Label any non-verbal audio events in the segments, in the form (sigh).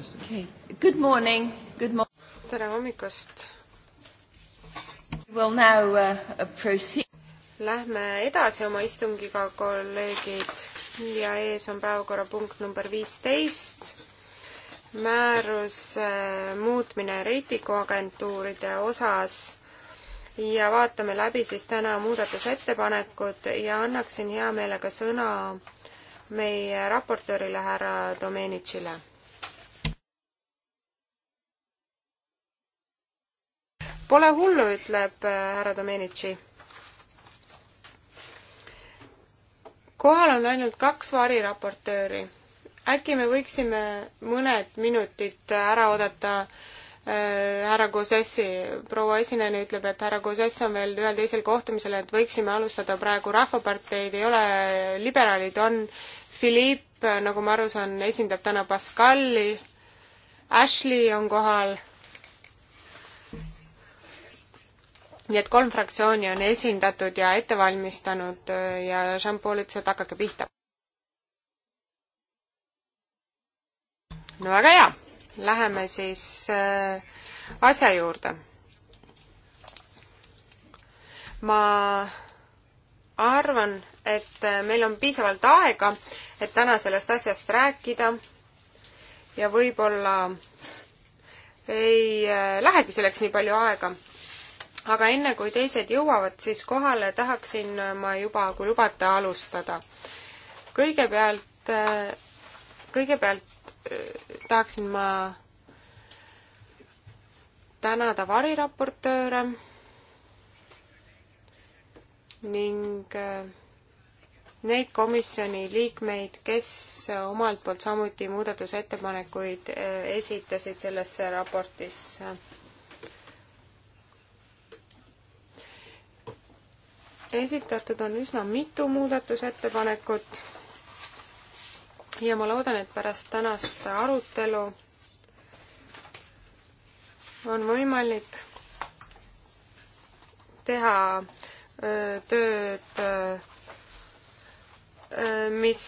okay. Good morning. Good mo- tere hommikust! We'll now uh, proceed. Lähme edasi oma istungiga, kolleegid, ja ees on päevakorrapunkt number viisteist, määrus äh, muutmine reitinguagentuuride osas ja vaatame läbi siis täna muudatusettepanekud ja annaksin hea meelega sõna meie raportöörile härra Domenicile Pole hullu, ütleb äh, härra Domenici. kohal on ainult kaks variraportööri. äkki me võiksime mõned minutid ära oodata äh, härra Gozessi, proua esinejana ütleb, et härra Gozess on veel ühel teisel kohtumisel, et võiksime alustada praegu Rahvaparteid, ei ole liberaalid, on Philippe, nagu ma aru saan, esindab täna Pascali, Ashley on kohal nii et kolm fraktsiooni on esindatud ja ette valmistanud äh, ja Jean-Paul ütles, et hakake pihta. no väga hea, läheme siis äh, asja juurde. ma arvan, et äh, meil on piisavalt aega, et täna sellest asjast rääkida ja võib-olla ei lähegi selleks nii palju aega aga enne, kui teised jõuavad siis kohale, tahaksin ma juba, kui lubate, alustada. kõigepealt, äh, kõigepealt äh, tahaksin ma tänada variraportööre ning äh, neid komisjoni liikmeid, kes omalt poolt samuti muudatusettepanekuid esitasid sellesse raportisse esitatud on üsna mitu muudatusettepanekut ja ma loodan, et pärast tänast arutelu on võimalik teha öö, tööd, mis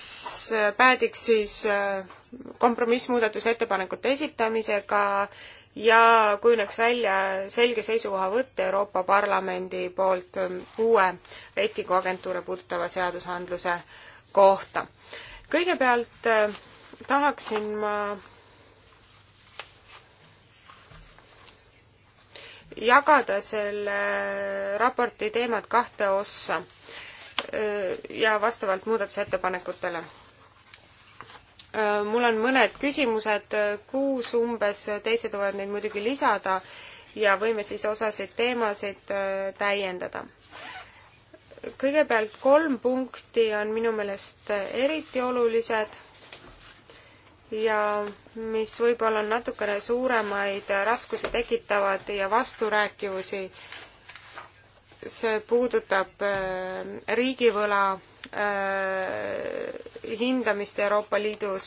päädiks siis kompromissmuudatusettepanekute esitamisega ja kujuneks välja selge seisukohavõtt Euroopa Parlamendi poolt ähm, uue reitinguagentuure puudutava seadusandluse kohta. kõigepealt äh, tahaksin ma jagada selle raporti teemat kahte ossa äh, ja vastavalt muudatusettepanekutele Äh, mul on mõned küsimused, kuus umbes, teised võivad neid muidugi lisada ja võime siis osasid teemasid äh, täiendada. kõigepealt kolm punkti on minu meelest eriti olulised ja mis võib-olla on natukene suuremaid raskusi tekitavad ja vasturääkivusi. see puudutab äh, riigivõla Äh, hindamist Euroopa Liidus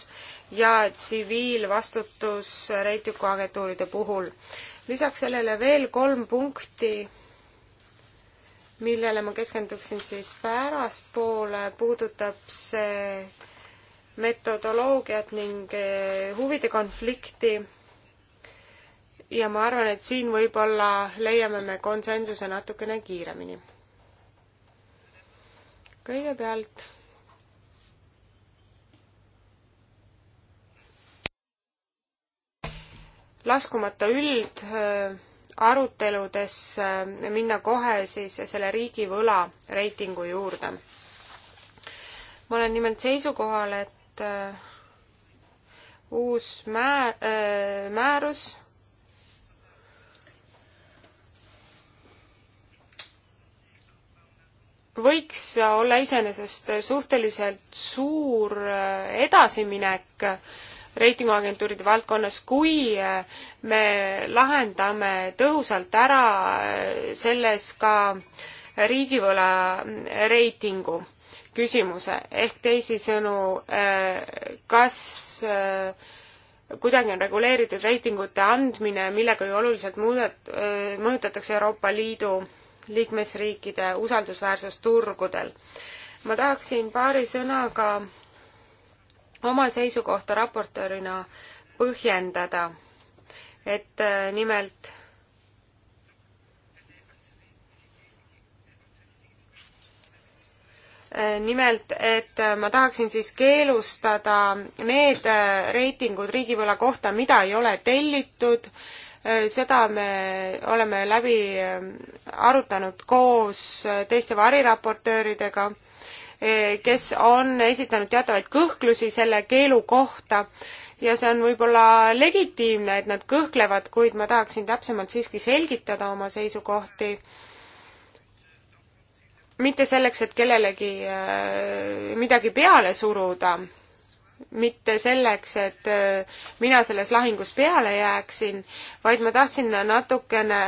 ja tsiviilvastutus reitinguagentuuride puhul. lisaks sellele veel kolm punkti, millele ma keskenduksin siis pärastpoole, puudutab see metodoloogiat ning äh, huvide konflikti ja ma arvan, et siin võib-olla leiame me konsensuse natukene kiiremini kõigepealt laskumata üldaruteludesse minna kohe siis selle riigivõla reitingu juurde. ma olen nimelt seisukohal, et äh, uus määr, äh, määrus võiks olla iseenesest suhteliselt suur äh, edasiminek äh, reitinguagentuuride valdkonnas, kui äh, me lahendame tõhusalt ära selles ka riigivõla reitingu küsimuse, ehk teisisõnu, kas kuidagi on reguleeritud reitingute andmine, millega ju oluliselt muudet-, mõjutatakse Euroopa Liidu liikmesriikide usaldusväärsust turgudel. ma tahaksin paari sõnaga oma seisukohta raportöörina põhjendada, et äh, nimelt äh, nimelt, et äh, ma tahaksin siis keelustada need reitingud riigivõla kohta, mida ei ole tellitud Äh, seda me oleme läbi äh, arutanud koos äh, teiste variraportööridega, kes on esitanud teatavaid kõhklusi selle keelu kohta ja see on võib-olla legitiimne, et nad kõhklevad, kuid ma tahaksin täpsemalt siiski selgitada oma seisukohti mitte selleks, et kellelegi midagi peale suruda, mitte selleks, et äh, mina selles lahingus peale jääksin, vaid ma tahtsin natukene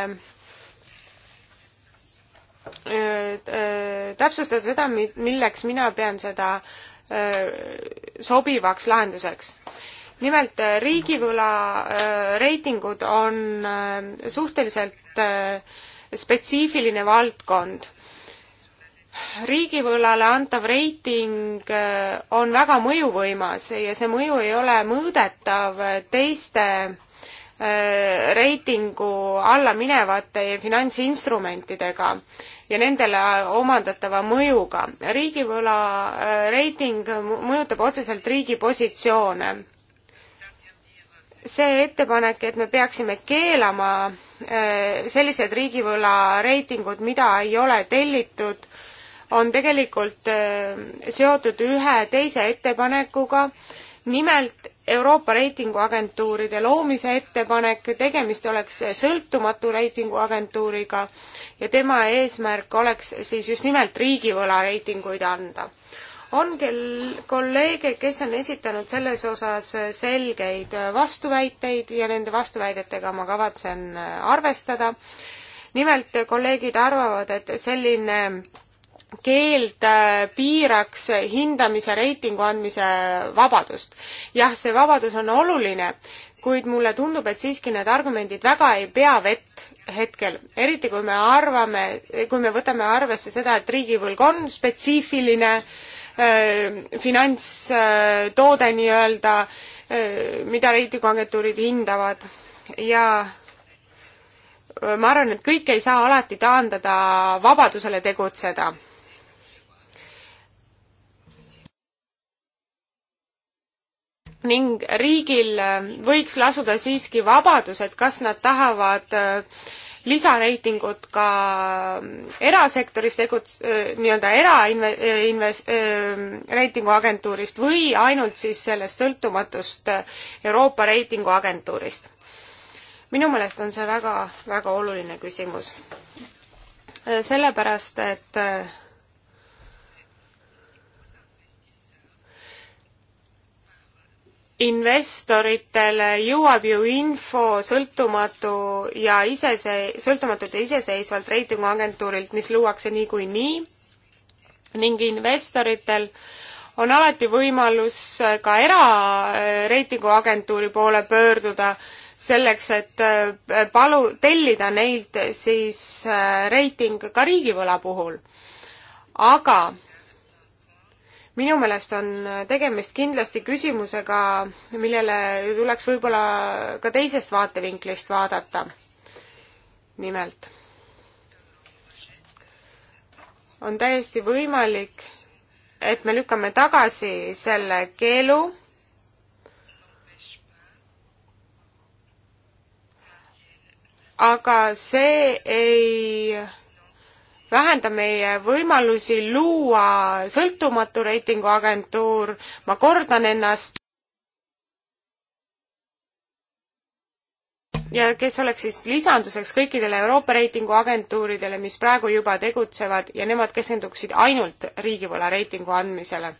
äh, äh, täpsustada seda, milleks mina pean seda sobivaks lahenduseks. nimelt riigivõla reitingud on suhteliselt spetsiifiline valdkond riigivõlale antav reiting äh, on väga mõjuvõimas ja see mõju ei ole mõõdetav teiste äh, reitingu alla minevate finantsinstrumentidega ja nendele omandatava mõjuga. riigivõla äh, reiting mõjutab otseselt riigi positsioone. see ettepanek, et me peaksime keelama sellised riigivõla reitingud, mida ei ole tellitud, on tegelikult äh, seotud ühe teise ettepanekuga, nimelt Euroopa reitinguagentuuride loomise ettepanek, tegemist oleks sõltumatu reitinguagentuuriga ja tema eesmärk oleks siis just nimelt riigivõla reitinguid anda. on kel-, kolleege, kes on esitanud selles osas selgeid vastuväiteid ja nende vastuväidetega ma kavatsen arvestada. nimelt kolleegid arvavad, et selline keeld äh, piiraks hindamise, reitingu andmise vabadust. jah, see vabadus on oluline, kuid mulle tundub, et siiski need argumendid väga ei pea vett hetkel, eriti kui me arvame, kui me võtame arvesse seda, et riigivõlg on spetsiifiline äh, finantstoode äh, nii-öelda äh,, mida reitinguagentuurid hindavad ja ma arvan, et kõike ei saa alati taandada vabadusele tegutseda ning riigil äh, võiks lasuda siiski vabadus, et kas nad tahavad äh, lisareitingut ka äh, erasektoris tegut-, nii-öelda erainves-, reitinguagentuurist või ainult siis sellest sõltumatust Euroopa reitinguagentuurist. minu meelest on see väga, väga oluline küsimus. sellepärast, et investoritele jõuab ju info sõltumatu ja isese, sõltumatult ja iseseisvalt reitinguagentuurilt, mis luuakse niikuinii ning investoritel on alati võimalus ka erareitinguagentuuri poole pöörduda selleks, et äh, palu-, tellida neilt siis äh, reiting ka riigivõla puhul. aga minu meelest on tegemist kindlasti küsimusega, millele tuleks võib-olla ka teisest vaatevinklist vaadata. nimelt on täiesti võimalik, et me lükkame tagasi selle keelu, aga see ei vähenda meie võimalusi luua sõltumatu reitinguagentuur, ma kordan ennast, ja kes oleks siis lisanduseks kõikidele Euroopa reitinguagentuuridele, mis praegu juba tegutsevad ja nemad keskenduksid ainult riigivõla reitingu andmisele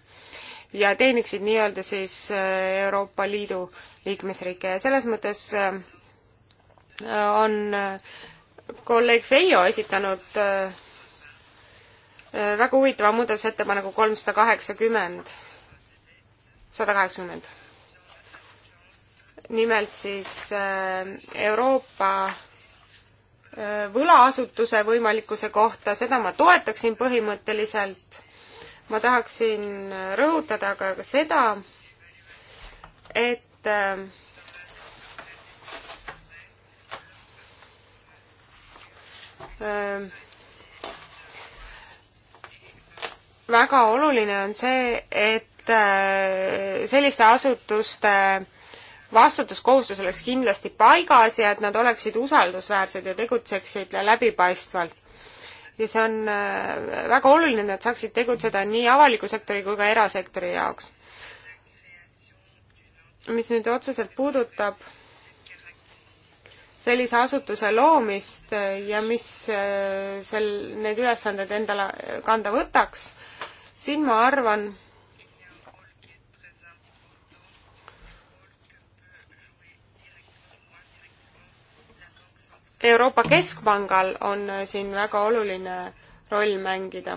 ja teeniksid nii-öelda siis äh, Euroopa Liidu liikmesriike ja selles mõttes äh, on äh, kolleeg Feijo esitanud Äh, väga huvitava muudatusettepaneku kolmsada kaheksakümmend, sada kaheksakümmend. nimelt siis äh, Euroopa äh, võlaasutuse võimalikkuse kohta, seda ma toetaksin põhimõtteliselt. ma tahaksin rõhutada ka seda, et äh, väga oluline on see, et äh, selliste asutuste vastutuskohustus oleks kindlasti paigas ja et nad oleksid usaldusväärsed ja tegutseksid läbipaistvalt. ja see on äh, väga oluline, et nad saaksid tegutseda nii avaliku sektori kui ka erasektori jaoks. mis nüüd otseselt puudutab sellise asutuse loomist ja mis äh, sel, need ülesanded endale kanda võtaks siin ma arvan, Euroopa Keskpangal on siin väga oluline roll mängida.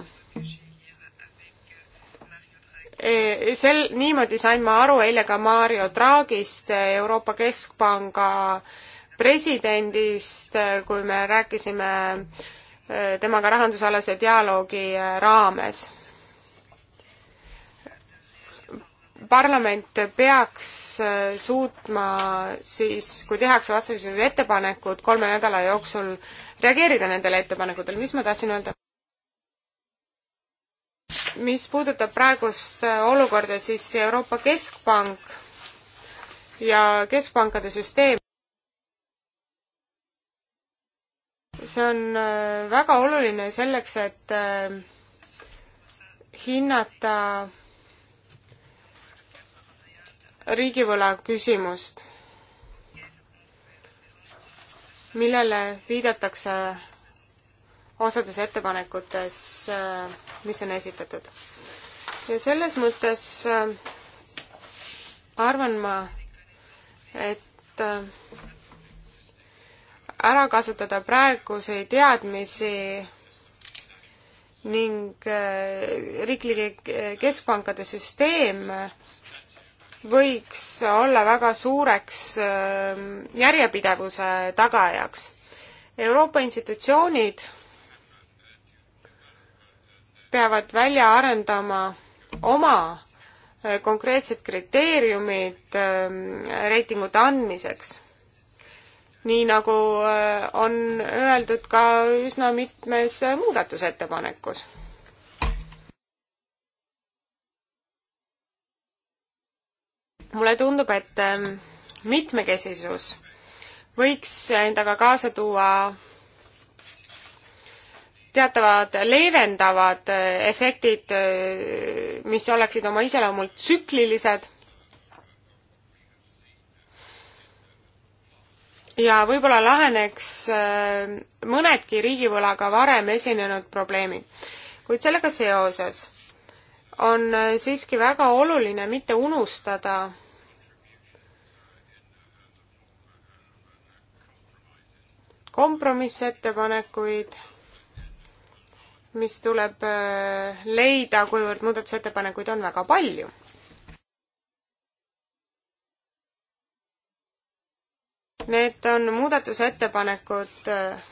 E, sel, niimoodi sain ma aru eile ka Mario Draghist, Euroopa Keskpanga presidendist, kui me rääkisime e, temaga rahandusalase dialoogi e, raames parlament peaks äh, suutma siis, kui tehakse vastasisulised ettepanekud, kolme nädala jooksul reageerida nendele ettepanekutele, mis ma tahtsin öelda? mis puudutab praegust äh, olukorda, siis Euroopa Keskpank ja keskpankade süsteem see on äh, väga oluline selleks, et hinnata riigivõla küsimust, millele viidatakse osades ettepanekutes, äh, mis on esitatud. ja selles mõttes äh, arvan ma, et äh, ära kasutada praeguseid teadmisi ning riiklike keskpankade süsteem võiks olla väga suureks ähm, järjepidevuse tagajaks. Euroopa institutsioonid peavad välja arendama oma äh, konkreetsed kriteeriumid ähm, reitingute andmiseks. nii nagu äh, on öeldud ka üsna mitmes äh, muudatusettepanekus mulle tundub, et ähm, mitmekesisus võiks endaga kaasa tuua teatavad leevendavad äh, efektid, äh, mis oleksid oma iseloomult tsüklilised. ja võib-olla laheneks äh, mõnedki riigivõlaga varem esinenud probleemid. kuid sellega seoses on siiski väga oluline mitte unustada kompromissettepanekuid, mis tuleb äh, leida, kuivõrd muudatusettepanekuid on väga palju. Need on muudatusettepanekud, äh,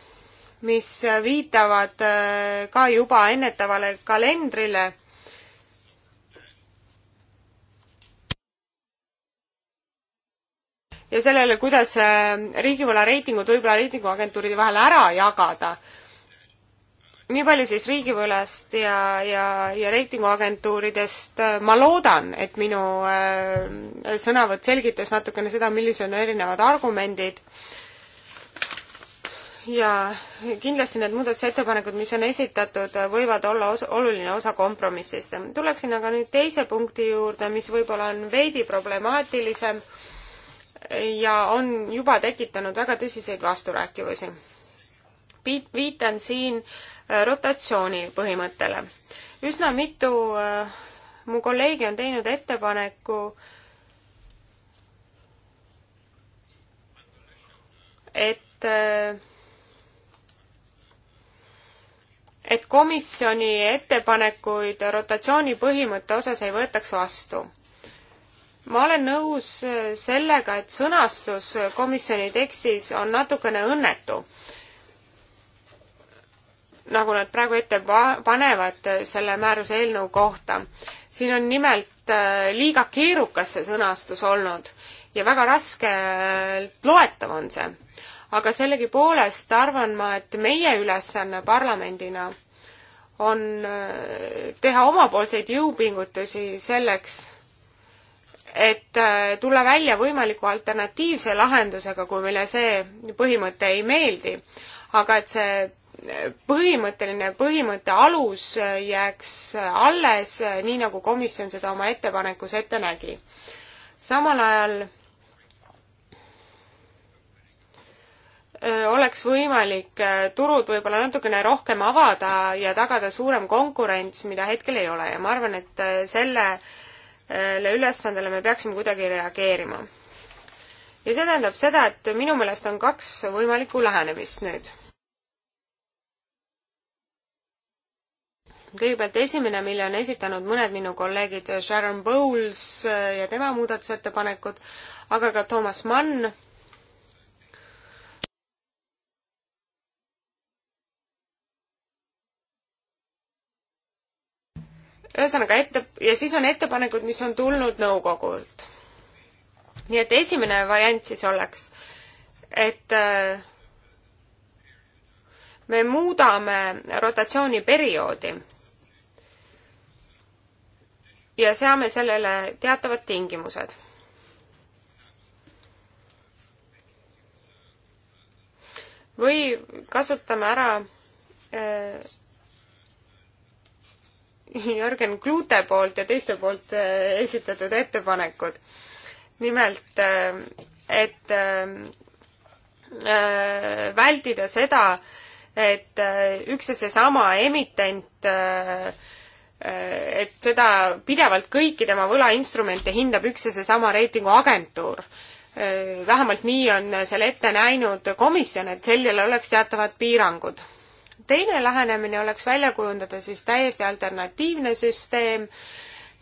mis viitavad äh, ka juba ennetavale kalendrile ja sellele, kuidas äh, riigivõla reitingud võib-olla reitinguagentuuride vahel ära jagada. nii palju siis riigivõlast ja, ja, ja reitinguagentuuridest. ma loodan, et minu äh, sõnavõtt selgitas natukene seda, millised on erinevad argumendid ja kindlasti need muudatusettepanekud, mis on esitatud, võivad olla os-, oluline osa kompromissist. tuleksin aga nüüd teise punkti juurde, mis võib-olla on veidi problemaatilisem äh, ja on juba tekitanud väga tõsiseid vasturääkivusi. viitan siin äh, rotatsiooni põhimõttele. üsna mitu äh, mu kolleegi on teinud ettepaneku et äh, et komisjoni ettepanekuid rotatsiooni põhimõtte osas ei võetaks vastu ma olen nõus äh, sellega, et sõnastus äh, komisjoni tekstis on natukene õnnetu. nagu nad praegu ette panevad äh, selle määruse eelnõu kohta. siin on nimelt liiga keerukas see sõnastus olnud ja väga raskelt loetav on see. aga sellegipoolest arvan ma, et meie ülesanne parlamendina on teha omapoolseid jõupingutusi selleks, et äh, tulla välja võimaliku alternatiivse lahendusega, kui meile see põhimõte ei meeldi, aga et see äh, põhimõtteline põhimõtte alus äh, jääks alles, nii nagu komisjon seda oma ettepanekus ette nägi. samal ajal oleks võimalik turud võib-olla natukene rohkem avada ja tagada suurem konkurents, mida hetkel ei ole ja ma arvan, et selle äh, ülesandele me peaksime kuidagi reageerima. ja see tähendab seda, et minu meelest on kaks võimalikku lähenemist nüüd. kõigepealt esimene, mille on esitanud mõned minu kolleegid Sharon Bowles ja tema muudatusettepanekud, aga ka Thomas Mann ühesõnaga ette, ja siis on ettepanekud, mis on tulnud nõukogult. nii et esimene variant siis oleks, et äh, me muudame rotatsiooniperioodi ja seame sellele teatavad tingimused. või kasutame ära äh, Jörgen Klute poolt ja teiste poolt äh, esitatud ettepanekud. nimelt, äh, et äh, vältida seda, et üks ja seesama emitent, et seda pidevalt kõiki tema võlainstrumente hindab üks ja seesama reitinguagentuur vähemalt nii on selle ette näinud komisjon, et sellel oleks teatavad piirangud teine lähenemine oleks välja kujundada siis täiesti alternatiivne süsteem,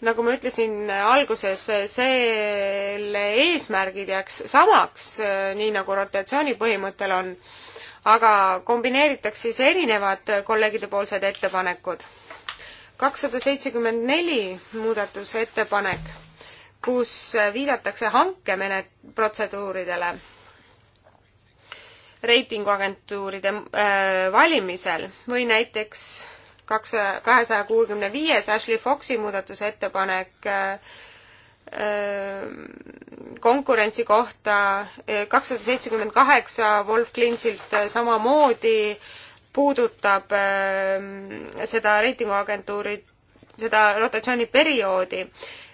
nagu ma ütlesin alguses, selle eesmärgid jääks samaks, nii nagu rotatsiooni põhimõttel on, aga kombineeritakse siis erinevad kolleegide poolsed ettepanekud. kakssada seitsekümmend neli muudatusettepanek, kus viidatakse hankemenet-, protseduuridele reitinguagentuuride äh, valimisel või näiteks kaks, kahesaja kuuekümne viies Ashley Foxi muudatusettepanek äh, äh, konkurentsi kohta kakssada seitsekümmend kaheksa Wolf Klintsilt samamoodi puudutab seda reitinguagentuuri, seda rotatsiooniperioodi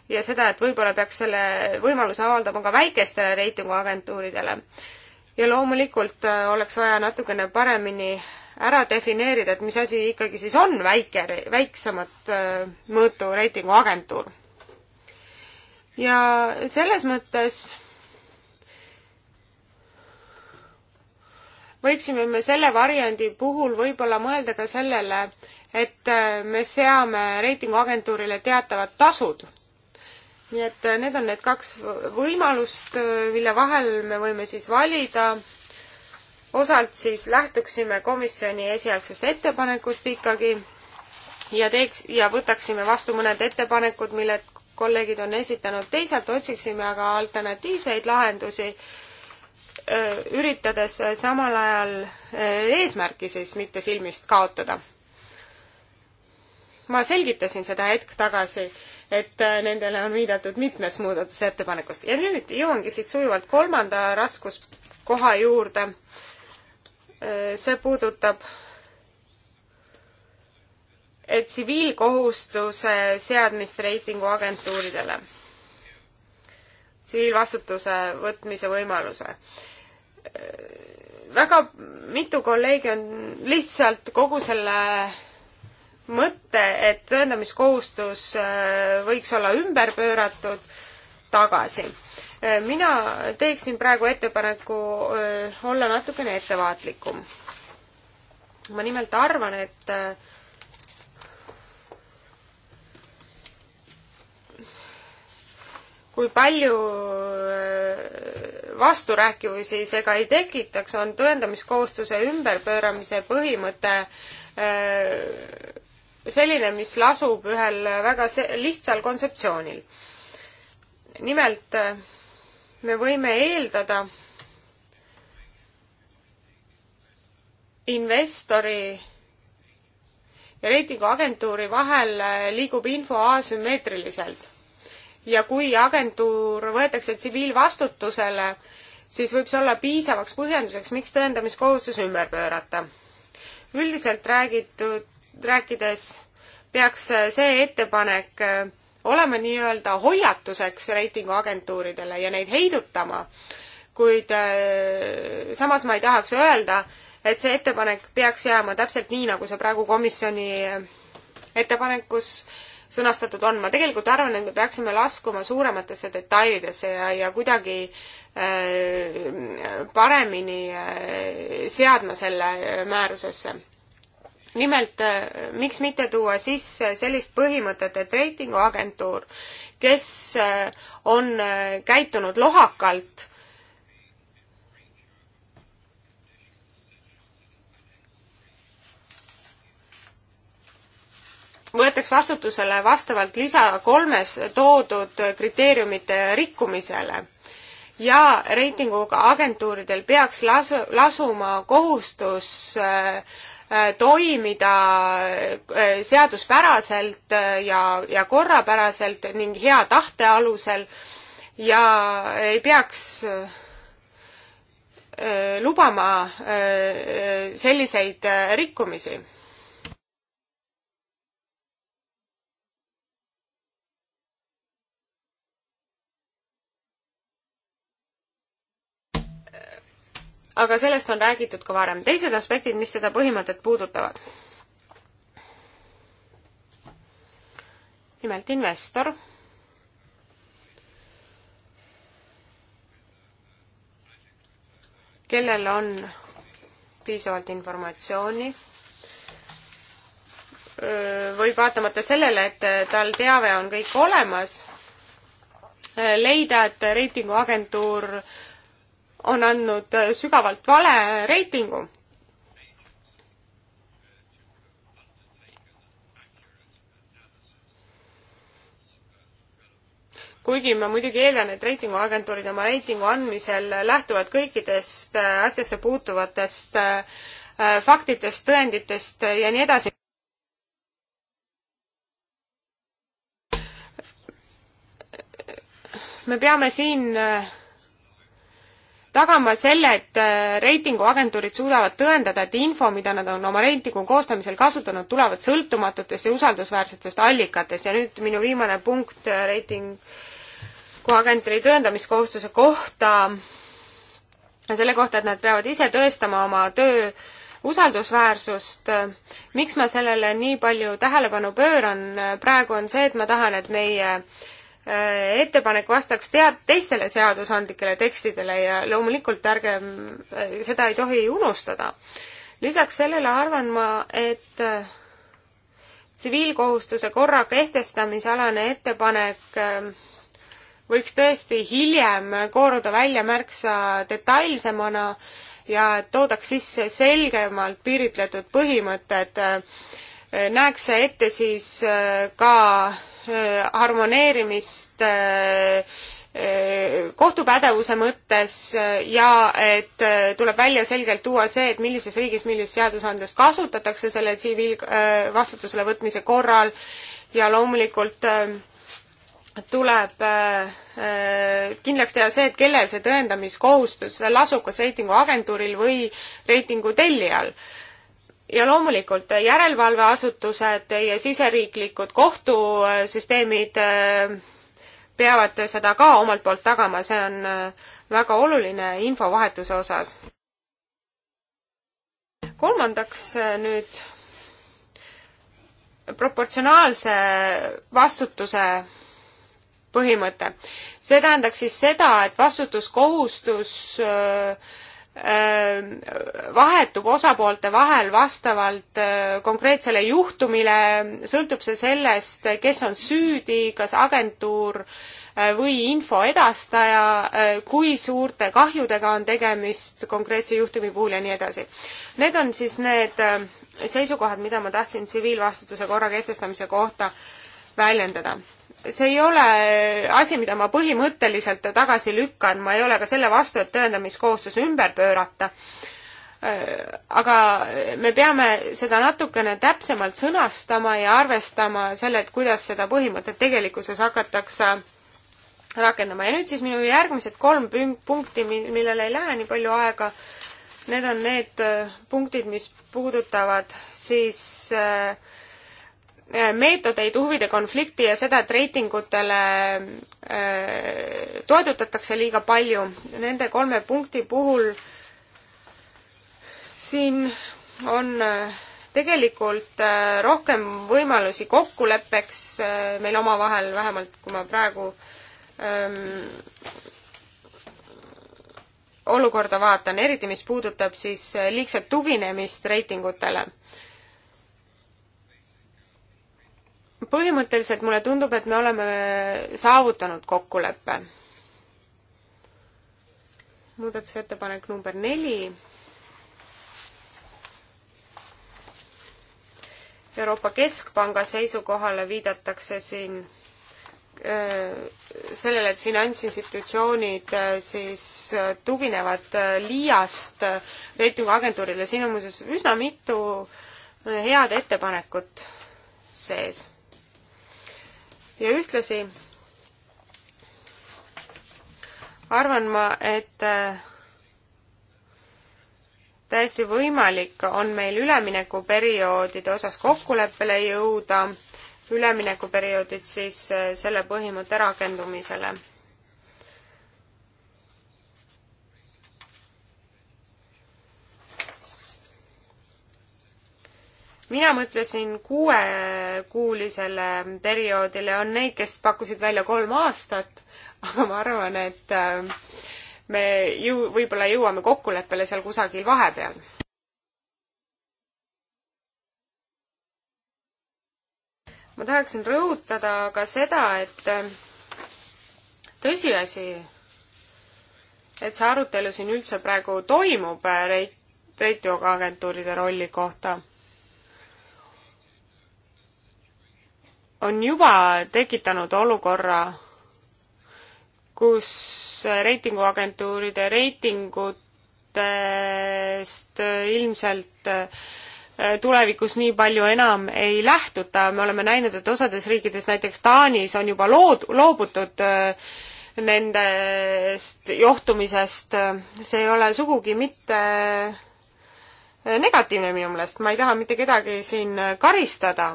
ja seda, et võib-olla peaks selle võimaluse avaldama ka väikestele reitinguagentuuridele ja loomulikult äh, oleks vaja natukene paremini ära defineerida, et mis asi ikkagi siis on väike, väiksemat äh, mõõtu reitinguagentuur. ja selles mõttes võiksime me selle variandi puhul võib-olla mõelda ka sellele, et äh, me seame reitinguagentuurile teatavad tasud nii et äh, need on need kaks võimalust, äh, mille vahel me võime siis valida. osalt siis lähtuksime komisjoni esialgsest ettepanekust ikkagi ja teeks ja võtaksime vastu mõned ettepanekud, mille kolleegid on esitanud, teisalt otsiksime aga alternatiivseid lahendusi, äh, üritades samal ajal eesmärki siis mitte silmist kaotada ma selgitasin seda hetk tagasi, et äh, nendele on viidatud mitmes muudatusettepanekust ja nüüd jõuangi siit sujuvalt kolmanda raskuskoha juurde. Äh, see puudutab tsiviilkohustuse seadmist reitinguagentuuridele, tsiviilvastutuse võtmise võimaluse äh, väga mitu kolleegi on lihtsalt kogu selle mõte, et tõendamiskohustus äh, võiks olla ümber pööratud, tagasi. Äh, mina teeksin praegu ettepaneku äh, olla natukene ettevaatlikum. ma nimelt arvan, et kui palju vasturääkivusi see ka ei tekitaks, on tõendamiskohustuse ümberpööramise põhimõte selline, mis lasub ühel väga lihtsal kontseptsioonil. nimelt äh, me võime eeldada investori ja reitinguagentuuri vahel äh, liigub info asümmeetriliselt. ja kui agentuur võetakse tsiviilvastutusele, siis võib see olla piisavaks põhjenduseks, miks tõendamiskohustus ümber pöörata. üldiselt räägitud rääkides peaks see ettepanek äh, olema nii-öelda hoiatuseks reitinguagentuuridele ja neid heidutama, kuid äh, samas ma ei tahaks öelda, et see ettepanek peaks jääma täpselt nii, nagu see praegu komisjoni äh, ettepanekus sõnastatud on. ma tegelikult arvan, et me peaksime laskuma suurematesse detailidesse ja, ja kuidagi äh, paremini äh, seadma selle määrusesse nimelt, äh, miks mitte tuua sisse sellist põhimõtet, et reitinguagentuur, kes äh, on äh, käitunud lohakalt, võetaks vastutusele vastavalt lisa kolmes toodud kriteeriumite rikkumisele ja reitinguga agentuuridel peaks lasu, lasuma kohustus äh, Äh, toimida äh, seaduspäraselt äh, ja, ja korrapäraselt ning hea tahte alusel ja ei peaks lubama selliseid rikkumisi aga sellest on räägitud ka varem. teised aspektid, mis seda põhimõtet puudutavad. nimelt investor. kellel on piisavalt informatsiooni, võib vaatamata sellele, et tal teave on kõik olemas, leida, et reitinguagentuur on andnud sügavalt vale reitingu. kuigi ma muidugi eeldan, et reitinguagentuurid oma reitingu andmisel lähtuvad kõikidest äh, asjasse puutuvatest äh, faktidest, tõenditest ja nii edasi. me peame siin äh, tagama selle, et äh, reitinguagentuurid suudavad tõendada, et info, mida nad on oma reitingu koostamisel kasutanud, tulevad sõltumatutest ja usaldusväärsetest allikatest ja nüüd minu viimane punkt äh, reitinguagentuuri tõendamiskohustuse kohta, selle kohta, et nad peavad ise tõestama oma töö usaldusväärsust, miks ma sellele nii palju tähelepanu pööran praegu, on see, et ma tahan, et meie äh, Äh, ettepanek vastaks tead teistele seadusandlikele tekstidele ja loomulikult ärge, äh, seda ei tohi unustada. lisaks sellele arvan ma, et äh, tsiviilkohustuse korra kehtestamisalane ettepanek võiks tõesti hiljem kooruda välja märksa detailsemana ja toodaks sisse selgemalt piiritletud põhimõtted, näeks ette siis ka Äh, harmoneerimist äh, äh, kohtupädevuse mõttes ja et tuleb välja selgelt tuua see, et millises riigis millist seadusandlust kasutatakse selle tsiviilvastutusele võtmise korral ja loomulikult tuleb kindlaks teha see, et kellel see tõendamiskohustus lasub, kas reitinguagentuuril või reitingu tellijal ja loomulikult äh, järelevalveasutused ja siseriiklikud kohtusüsteemid äh, peavad seda ka omalt poolt tagama, see on äh, väga oluline infovahetuse osas. kolmandaks nüüd proportsionaalse vastutuse põhimõte. see tähendaks siis seda, et vastutuskohustus äh, Ähm, vahetub osapoolte vahel vastavalt äh, konkreetsele juhtumile, sõltub see sellest, kes on süüdi, kas agentuur äh, või info edastaja, äh, kui suurte kahjudega on tegemist konkreetse juhtumi puhul ja nii edasi. Need on siis need seisukohad, mida ma tahtsin tsiviilvastutuse korra kehtestamise kohta väljendada see ei ole asi, mida ma põhimõtteliselt tagasi lükkan, ma ei ole ka selle vastu, et tõendamiskohustus ümber pöörata. aga me peame seda natukene täpsemalt sõnastama ja arvestama selle, et kuidas seda põhimõtet tegelikkuses hakatakse rakendama ja nüüd siis minu järgmised kolm punkti, millele ei lähe nii palju aega. Need on need äh, punktid, mis puudutavad siis äh, Äh, meetodeid huvide konflikti ja seda, et reitingutele äh, toetutatakse liiga palju. Nende kolme punkti puhul siin on äh, tegelikult rohkem võimalusi kokkuleppeks meil omavahel, vähemalt kui ma praegu ähm, olukorda vaatan, eriti mis puudutab siis liigset tuginemist reitingutele. põhimõtteliselt mulle tundub, et me oleme saavutanud kokkuleppe. muudatusettepanek number neli. Euroopa Keskpanga seisukohale viidatakse siin äh, sellele, et finantsinstitutsioonid äh, siis äh, tuginevad liiast reitinguagentuurile, siin on muuseas üsna mitu head ettepanekut sees ja ühtlasi arvan ma, et äh, täiesti võimalik on meil üleminekuperioodide osas kokkuleppele jõuda, üleminekuperioodid siis äh, selle põhimõtte rakendumisele mina mõtlesin kuuekuulisele perioodile, on neid, kes pakkusid välja kolm aastat, (laughs) aga ma arvan, et äh, me ju võib-olla jõuame kokkuleppele seal kusagil vahepeal. ma tahaksin rõhutada ka seda, et äh, tõsiasi, et see arutelu siin üldse praegu toimub äh, reit-, reitinguagentuuride rolli kohta on juba tekitanud olukorra, kus reitinguagentuuride reitingutest ilmselt äh, tulevikus nii palju enam ei lähtuta, me oleme näinud, et osades riikides, näiteks Taanis, on juba lood-, loobutud äh, nendest johtumisest, see ei ole sugugi mitte äh, negatiivne minu meelest, ma ei taha mitte kedagi siin karistada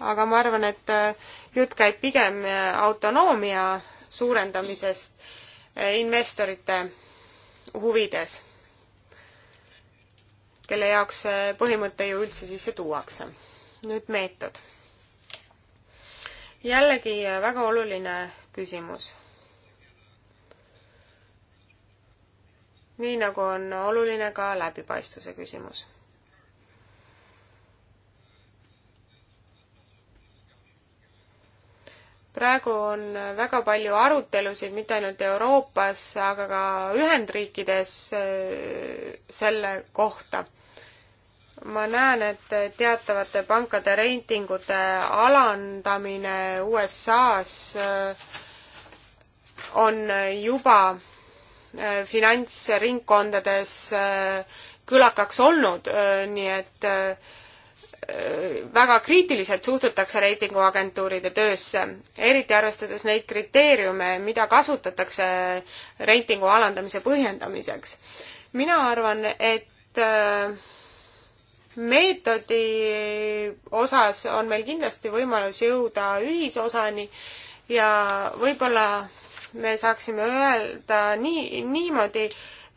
aga ma arvan, et äh, jutt käib pigem äh, autonoomia suurendamisest äh, investorite huvides, kelle jaoks see põhimõte ju üldse sisse tuuakse. nüüd meetod. jällegi väga oluline küsimus. nii nagu on oluline ka läbipaistvuse küsimus praegu on väga palju arutelusid mitte ainult Euroopas, aga ka Ühendriikides äh, selle kohta. ma näen, et teatavate pankade reitingute alandamine USA-s äh, on juba äh, finantsringkondades kõlakaks olnud, nii et äh, Äh, väga kriitiliselt suhtutakse reitinguagentuuride töösse, eriti arvestades neid kriteeriume, mida kasutatakse reitingu alandamise põhjendamiseks. mina arvan, et äh, meetodi osas on meil kindlasti võimalus jõuda ühisosani ja võib-olla me saaksime öelda nii, niimoodi,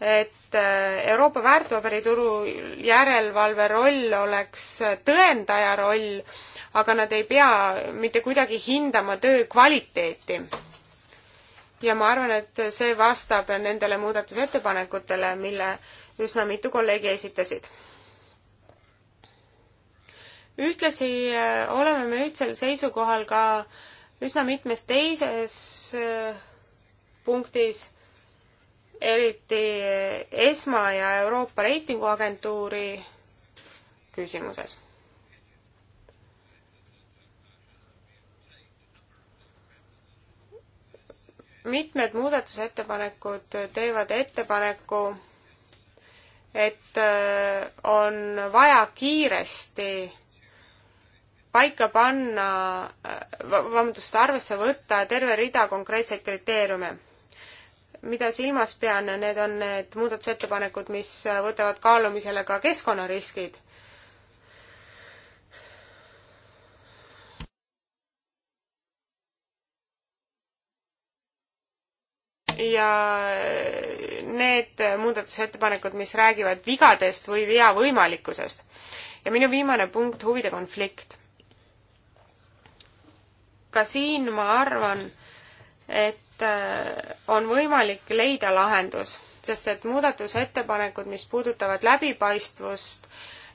et äh, Euroopa väärtpaberituru järelevalve roll oleks tõendaja roll, aga nad ei pea mitte kuidagi hindama töö kvaliteeti. ja ma arvan, et see vastab nendele muudatusettepanekutele, mille üsna mitu kolleegi esitasid. ühtlasi äh, oleme me ühtsel seisukohal ka üsna mitmes teises äh, punktis eriti ESMA ja Euroopa Reitinguagentuuri küsimuses. mitmed muudatusettepanekud teevad ettepaneku, et äh, on vaja kiiresti paika panna, äh, vabandust, arvesse võtta terve rida konkreetseid kriteeriume mida silmas pean, need on need muudatusettepanekud, mis võtavad kaalumisele ka keskkonnariskid. ja need muudatusettepanekud, mis räägivad vigadest või vea võimalikkusest. ja minu viimane punkt, huvide konflikt. ka siin ma arvan, et et äh, on võimalik leida lahendus, sest et muudatusettepanekud, mis puudutavad läbipaistvust,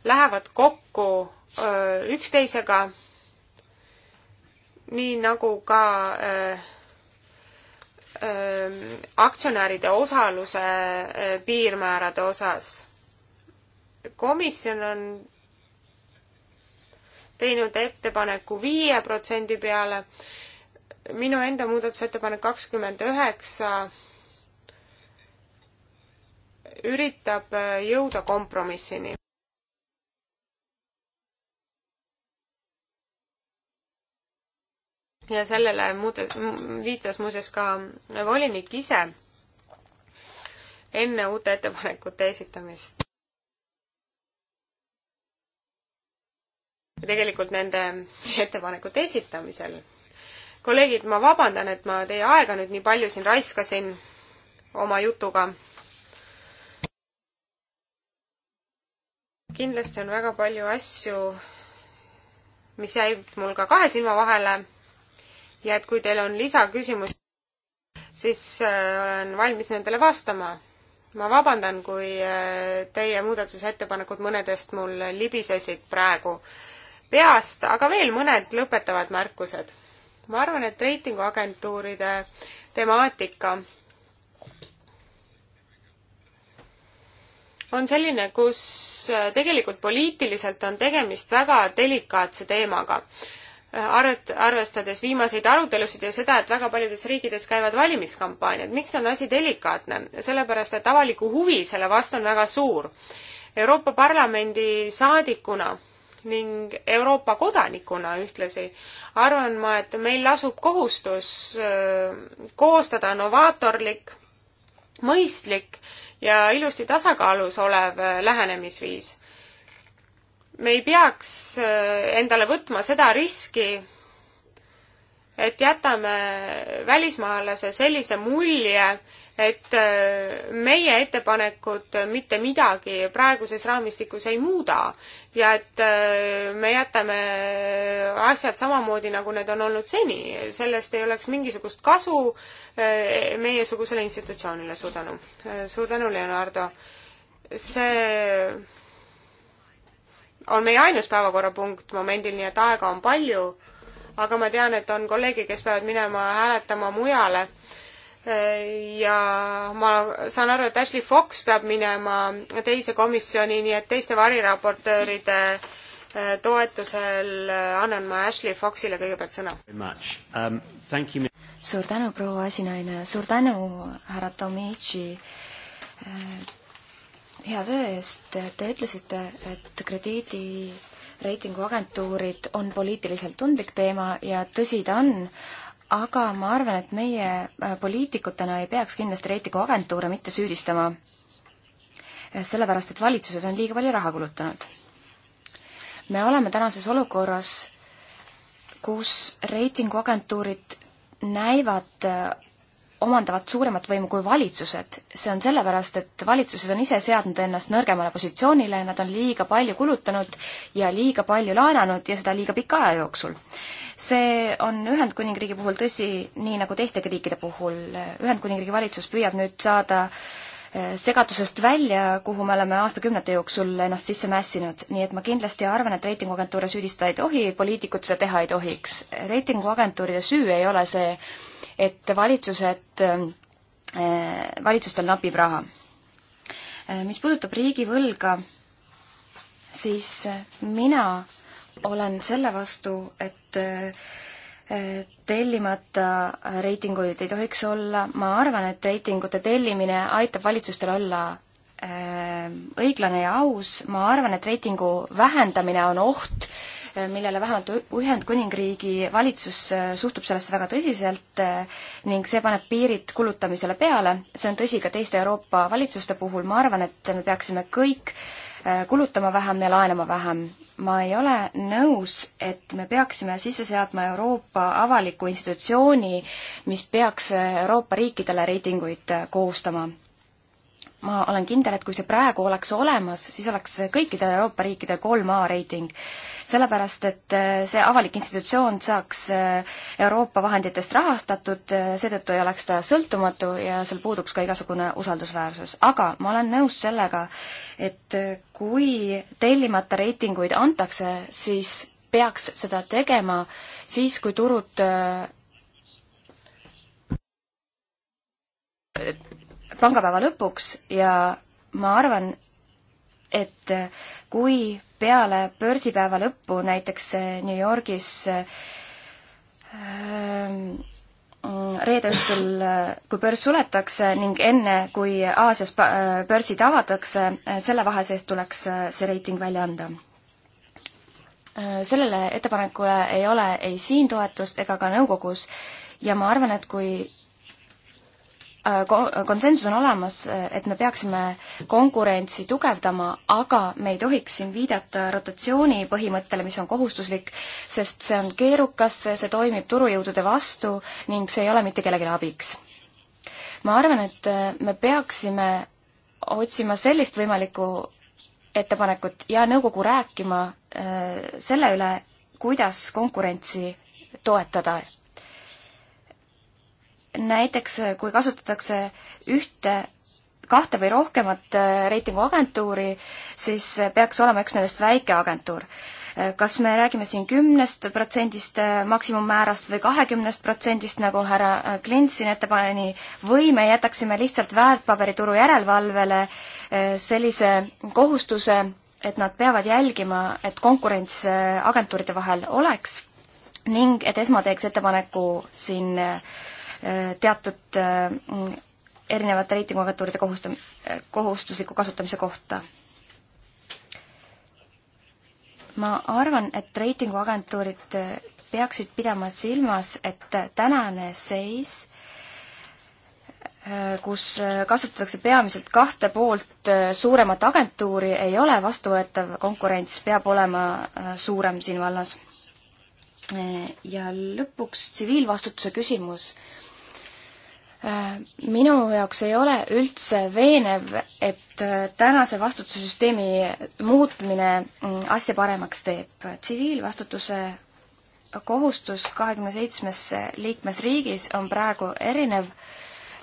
lähevad kokku öö, äh, üksteisega, nii nagu ka öö, äh, öö, aktsionäride osaluse öö, piirmäärade osas. komisjon on teinud ettepaneku viie protsendi peale minu enda muudatusettepanek kakskümmend üheksa üritab äh, jõuda kompromissini. ja sellele muude-, viitas muuseas ka volinik ise enne uute ettepanekute esitamist. tegelikult nende ettepanekute esitamisel kolleegid, ma vabandan, et ma teie aega nüüd nii palju siin raiskasin oma jutuga. kindlasti on väga palju asju, mis jäi mul ka kahe silma vahele. ja et kui teil on lisaküsimusi, siis äh, olen valmis nendele vastama. ma vabandan, kui äh, teie muudatusettepanekud mõnedest mul libisesid praegu peast, aga veel mõned lõpetavad märkused ma arvan, et reitinguagentuuride temaatika on selline, kus äh, tegelikult poliitiliselt on tegemist väga delikaatse teemaga. Äh, arvet-, arvestades viimaseid arutelusid ja seda, et väga paljudes riikides käivad valimiskampaaniad, miks on asi delikaatne? sellepärast, et avaliku huvi selle vastu on väga suur. Euroopa Parlamendi saadikuna ning Euroopa kodanikuna ühtlasi arvan ma, et meil lasub kohustus äh, koostada novaatorlik, mõistlik ja ilusti tasakaalus olev äh, lähenemisviis. me ei peaks äh, endale võtma seda riski, et jätame välismaalase sellise mulje, et äh, meie ettepanekud mitte midagi praeguses raamistikus ei muuda ja et äh, me jätame asjad samamoodi, nagu need on olnud seni. sellest ei oleks mingisugust kasu äh, meiesugusele institutsioonile. suur tänu. suur tänu, Leonardo. see on meie ainus päevakorrapunkt momendil, nii et aega on palju, aga ma tean, et on kolleege, kes peavad minema hääletama mujale ja ma saan aru, et Ashley Fox peab minema teise komisjoni, nii et teiste variraportööride äh, toetusel äh, annan ma Ashley Foxile kõigepealt sõna. Um, suur tänu, proua esinaine, suur tänu, härra Tomici äh, hea töö eest. Te ütlesite, et krediidireitinguagentuurid on poliitiliselt tundlik teema ja tõsi ta on, aga ma arvan, et meie äh, poliitikutena ei peaks kindlasti reitinguagentuure mitte süüdistama, äh, sellepärast et valitsused on liiga palju raha kulutanud. me oleme tänases olukorras, kus reitinguagentuurid näivad äh, omandavad suuremat võimu kui valitsused. see on sellepärast, et valitsused on ise seadnud ennast nõrgemale positsioonile, nad on liiga palju kulutanud ja liiga palju laenanud ja seda liiga pika aja jooksul. see on Ühendkuningriigi puhul tõsi, nii nagu teistegi riikide puhul. Ühendkuningriigi valitsus püüab nüüd saada eh, segadusest välja, kuhu me oleme aastakümnete jooksul ennast sisse mässinud, nii et ma kindlasti arvan, et reitinguagentuure süüdistada ei tohi, poliitikud seda teha ei tohiks. reitinguagentuuride süü ei ole see, et valitsused, eh, valitsustel napib raha. Eh, mis puudutab riigivõlga, siis eh, mina olen selle vastu, et tellimata reitinguid ei tohiks olla, ma arvan, et reitingute tellimine aitab valitsustel olla õiglane ja aus, ma arvan, et reitingu vähendamine on oht äh, millele vähemalt Ühendkuningriigi valitsus äh, suhtub sellesse väga tõsiselt äh, ning see paneb piirid kulutamisele peale. see on tõsi ka teiste Euroopa valitsuste puhul, ma arvan, et me peaksime kõik äh, kulutama vähem ja laenama vähem. ma ei ole nõus, et me peaksime sisse seadma Euroopa avaliku institutsiooni, mis peaks Euroopa riikidele reitinguid koostama ma olen kindel, et kui see praegu oleks olemas, siis oleks kõikidel Euroopa riikidel kolm A-reiting. sellepärast, et äh, see avalik institutsioon saaks äh, Euroopa vahenditest rahastatud, äh, seetõttu ei oleks ta sõltumatu ja seal puuduks ka igasugune usaldusväärsus. aga ma olen nõus sellega, et kui tellimata reitinguid antakse, siis peaks seda tegema siis, kui turud pangapäeva lõpuks ja ma arvan, et kui peale börsipäeva lõppu näiteks äh, New Yorgis äh, reede õhtul, äh, kui börs suletakse ning enne, kui Aasias börsid avatakse, selle vahe sees tuleks see reiting välja anda. sellele ettepanekule ei ole ei siin toetust ega ka nõukogus ja ma arvan, et kui Äh, konsensus on olemas, et me peaksime konkurentsi tugevdama, aga me ei tohiks siin viidata rotatsiooni põhimõttele, mis on kohustuslik, sest see on keerukas, see toimib turujõudude vastu ning see ei ole mitte kellelegi abiks. ma arvan, et äh, me peaksime otsima sellist võimalikku ettepanekut ja nõukogu rääkima äh, selle üle, kuidas konkurentsi toetada näiteks kui kasutatakse ühte kahte või rohkemat äh, reitinguagentuuri, siis äh, peaks olema üks nendest väike agentuur. Äh, kas me räägime siin kümnest protsendist maksimummäärast või kahekümnest protsendist, nagu härra Klint siin ette pani, või me jätaksime lihtsalt väärtpaberituru järelevalvele sellise kohustuse, et nad peavad jälgima, et konkurents agentuuride vahel oleks ning et esma teeks ettepaneku siin äh, teatud äh, erinevate reitinguagentuuride kohustam-, kohustusliku kasutamise kohta. ma arvan, et reitinguagentuurid peaksid pidama silmas, et tänane seis, äh, kus kasutatakse peamiselt kahte poolt äh, suuremat agentuuri, ei ole vastuvõetav, konkurents peab olema suurem siin vallas. ja lõpuks tsiviilvastutuse küsimus Äh, minu jaoks ei ole üldse veenev, et äh, tänase vastutussüsteemi muutmine mm, asja paremaks teeb. tsiviilvastutuse kohustus kahekümne seitsmes liikmesriigis on praegu erinev.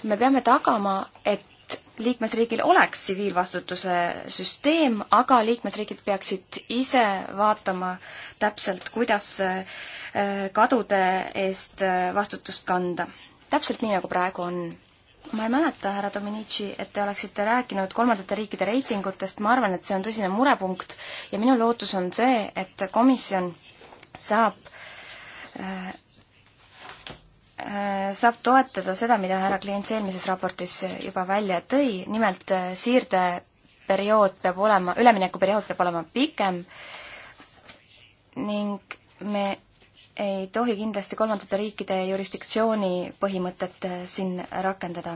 me peame tagama, et liikmesriigil oleks tsiviilvastutuse süsteem, aga liikmesriigid peaksid ise vaatama täpselt, kuidas äh, kadude eest vastutust kanda täpselt nii, nagu praegu on. ma ei mäleta, härra Dominici, et te oleksite rääkinud kolmandate riikide reitingutest, ma arvan, et see on tõsine murepunkt ja minu lootus on see, et komisjon saab äh, äh saab toetada seda, mida härra Klients eelmises raportis juba välja tõi, nimelt äh, siirdeperiood peab olema, üleminekuperiood peab olema pikem ning me ei tohi kindlasti kolmandate riikide jurisdiktsiooni põhimõtet äh, siin rakendada.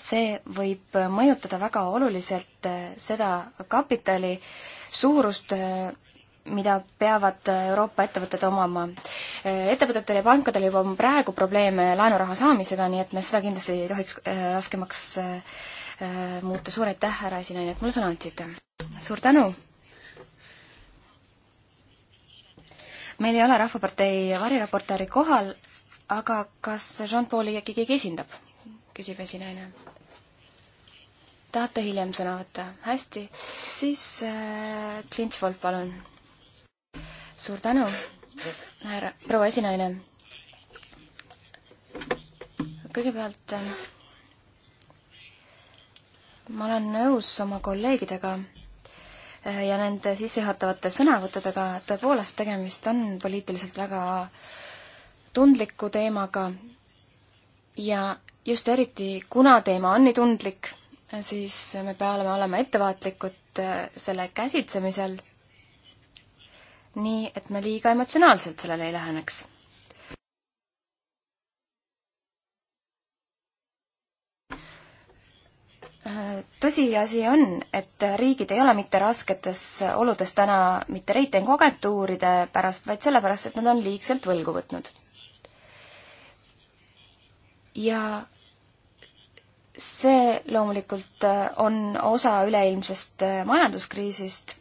see võib äh, mõjutada väga oluliselt äh, seda kapitali suurust, mida peavad Euroopa ettevõtted omama. ettevõtetel ja pankadel juba on praegu probleeme laenuraha saamisega, nii et me seda kindlasti ei tohiks raskemaks muuta. suur aitäh, härra esinaine, et mulle sõna andsite! suur tänu! meil ei ole Rahvapartei variraportööri kohal, aga kas Jean-Pauli äkki keegi esindab? küsib esinaine. tahate hiljem sõna võtta? hästi, siis äh, Klintsvold, palun. suur tänu, härra, proua esinaine. kõigepealt äh, ma olen nõus oma kolleegidega Äh, ja nende sissejuhatavate sõnavõttudega, tõepoolest tegemist on poliitiliselt väga tundliku teemaga ja just eriti, kuna teema on nii tundlik, äh, siis me peame olema ettevaatlikud äh, selle käsitsemisel, nii et me liiga emotsionaalselt sellele ei läheneks tõsiasi on, et riigid ei ole mitte rasketes oludes täna mitte reitinguagentuuride pärast, vaid sellepärast, et nad on liigselt võlgu võtnud. ja see loomulikult on osa üleilmsest majanduskriisist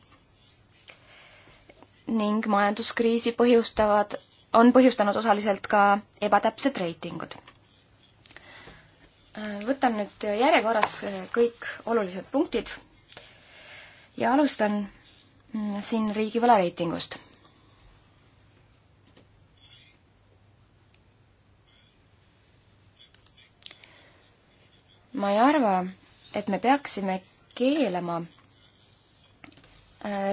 ning majanduskriisi põhjustavad, on põhjustanud osaliselt ka ebatäpsed reitingud võtan nüüd järjekorras äh, kõik olulised punktid ja alustan mm, siin riigivõla reitingust. ma ei arva, et me peaksime keelama äh,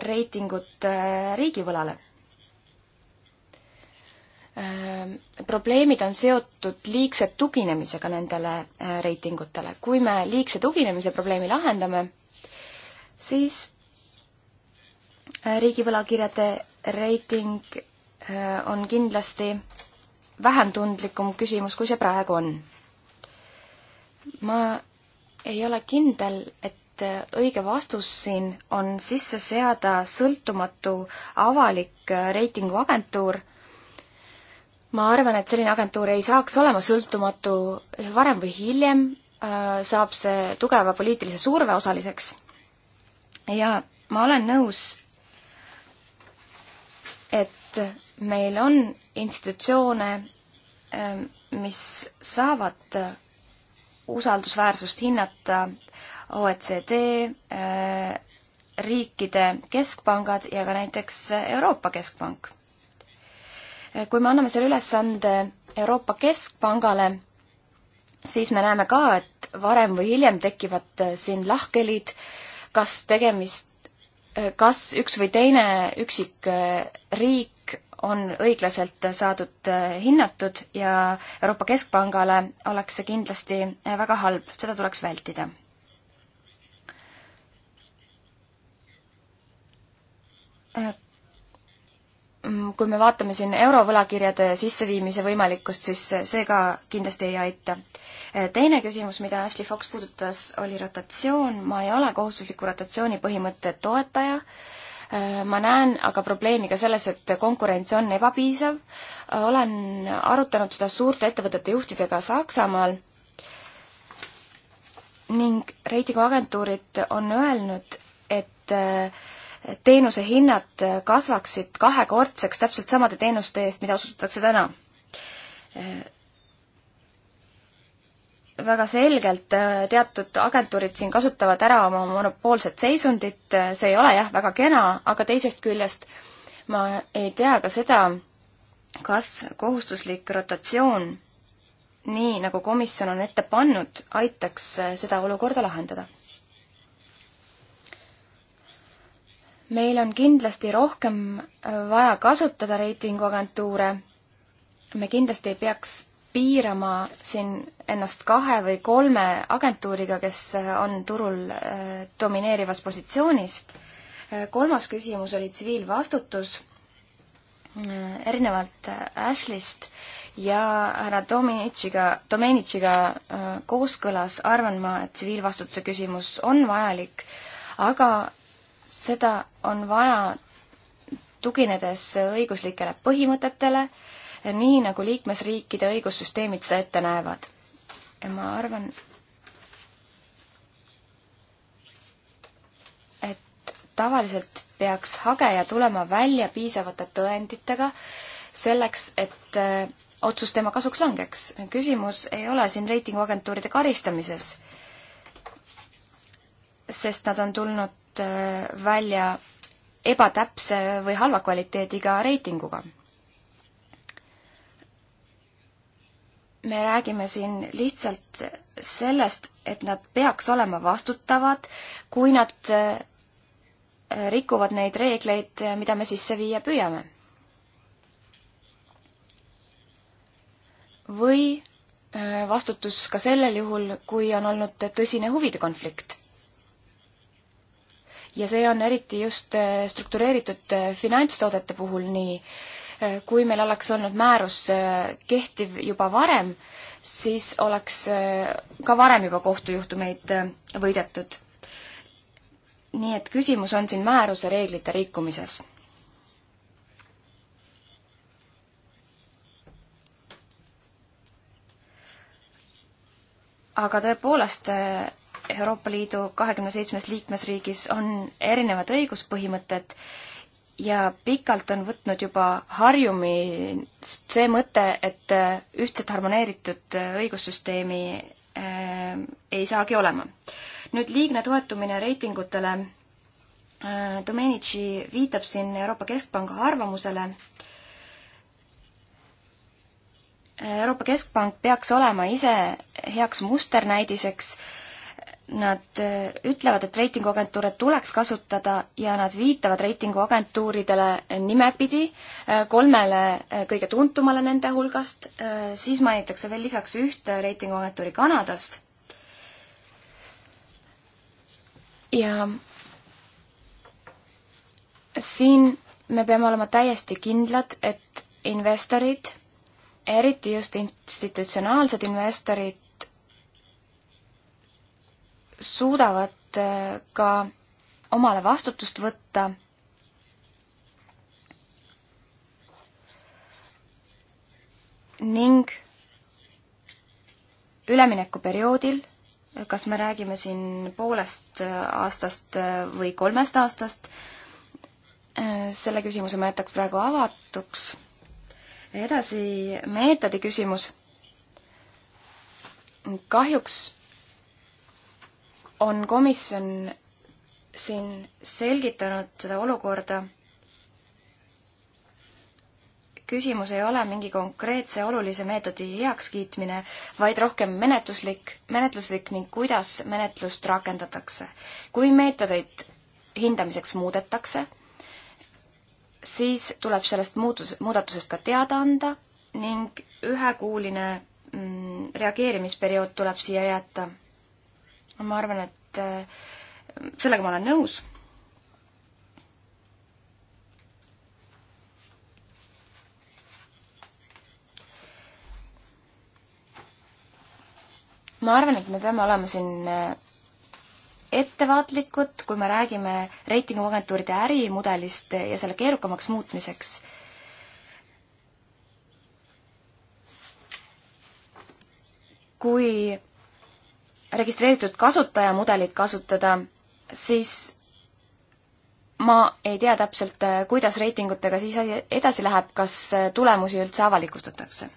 reitingut äh, riigivõlale Ehm, probleemid on seotud liigse tuginemisega nendele eh, reitingutele. kui me liigse tuginemise probleemi lahendame, siis eh, riigivõlakirjade reiting eh, on kindlasti vähem tundlikum küsimus, kui see praegu on. ma ei ole kindel, et õige vastus siin on sisse seada sõltumatu avalik reitinguagentuur ma arvan, et selline agentuur ei saaks olema sõltumatu, varem või hiljem äh, saab see tugeva poliitilise surve osaliseks. ja ma olen nõus, et meil on institutsioone, ähm, mis saavad usaldusväärsust hinnata OECD, äh, riikide keskpangad ja ka näiteks Euroopa Keskpank kui me anname selle ülesande Euroopa Keskpangale, siis me näeme ka, et varem või hiljem tekivad äh, siin lahkhelid, kas tegemist, äh, kas üks või teine üksik äh, riik on õiglaselt saadud hinnatud ja Euroopa Keskpangale oleks see kindlasti väga halb, seda tuleks vältida. Mm, kui me vaatame siin eurovõlakirjade sisseviimise võimalikkust, siis see ka kindlasti ei aita. Äh, teine küsimus, mida Ashley Fox puudutas, oli rotatsioon. ma ei ole kohustusliku rotatsiooni põhimõtte toetaja. Äh, ma näen aga probleemi ka selles, et konkurents on ebapiisav. Äh, olen arutanud seda suurte ettevõtete juhtidega Saksamaal ning reitinguagentuurid on öelnud, et äh, teenuse hinnad kasvaksid kahekordseks täpselt samade teenuste eest, mida osutatakse täna. väga selgelt äh, teatud agentuurid siin kasutavad ära oma monopoolset seisundit, äh, see ei ole jah, väga kena, aga teisest küljest ma ei tea ka seda, kas kohustuslik rotatsioon, nii nagu komisjon on ette pannud, aitaks äh, seda olukorda lahendada meil on kindlasti rohkem äh, vaja kasutada reitinguagentuure. me kindlasti ei peaks piirama siin ennast kahe või kolme agentuuriga, kes äh, on turul äh, domineerivas positsioonis. kolmas küsimus oli tsiviilvastutus, erinevalt Ashley'st ja härra Domenitšiga, Domenitšiga kooskõlas arvan ma, et tsiviilvastutuse küsimus on vajalik, aga seda on vaja tuginedes õiguslikele põhimõtetele, nii nagu liikmesriikide õigussüsteemid seda ette näevad. ja ma arvan, et tavaliselt peaks hageja tulema välja piisavate tõenditega selleks, et äh, otsus tema kasuks langeks. küsimus ei ole siin reitinguagentuuride karistamises, sest nad on tulnud tulnud äh, välja ebatäpse või halva kvaliteediga reitinguga. me räägime siin lihtsalt sellest, et nad peaks olema vastutavad, kui nad äh, rikuvad neid reegleid, mida me sisse viia püüame. või äh, vastutus ka sellel juhul, kui on olnud tõsine huvide konflikt ja see on eriti just eh, struktureeritud eh, finantstoodete puhul nii. Eh, kui meil oleks olnud määrus kehtiv juba varem, siis oleks ka varem juba kohtujuhtumeid võidetud. nii et küsimus on siin määruse reeglite rikkumises. aga tõepoolest Euroopa Liidu kahekümne seitsmes liikmesriigis on erinevad õiguspõhimõtted ja pikalt on võtnud juba harjumist see mõte, et ühtset harmoneeritud õigussüsteemi äh, ei saagi olema. nüüd liigne toetumine reitingutele äh,. Domenici viitab siin Euroopa Keskpanga arvamusele. Eh, Euroopa Keskpank peaks olema ise heaks musternäidiseks äh, Nad äh, ütlevad, et reitinguagentuure tuleks kasutada ja nad viitavad reitinguagentuuridele nimepidi, äh, kolmele äh, kõige tuntumale nende hulgast, siis mainitakse veel lisaks ühte reitinguagentuuri Kanadast. ja siin me peame olema täiesti kindlad, et investorid, eriti just institutsionaalsed investorid, suudavad äh, ka omale vastutust võtta ning üleminekuperioodil, kas me räägime siin poolest aastast äh, või kolmest aastast, äh, selle küsimuse ma jätaks praegu avatuks. edasi meetodi küsimus. kahjuks on komisjon siin selgitanud seda olukorda. küsimus ei ole mingi konkreetse olulise meetodi heakskiitmine, vaid rohkem menetluslik, menetluslik ning kuidas menetlust rakendatakse. kui meetodeid hindamiseks muudetakse, siis tuleb sellest muutus, muudatusest ka teada anda ning ühekuuline mm, reageerimisperiood tuleb siia jätta ma arvan, et äh, sellega ma olen nõus. ma arvan, et me peame olema siin äh, ettevaatlikud, kui me räägime reitinguagentuuride ärimudelist ja selle keerukamaks muutmiseks kui registreeritud kasutaja mudelit kasutada, siis ma ei tea täpselt, kuidas reitingutega siis edasi läheb, kas tulemusi üldse avalikustatakse.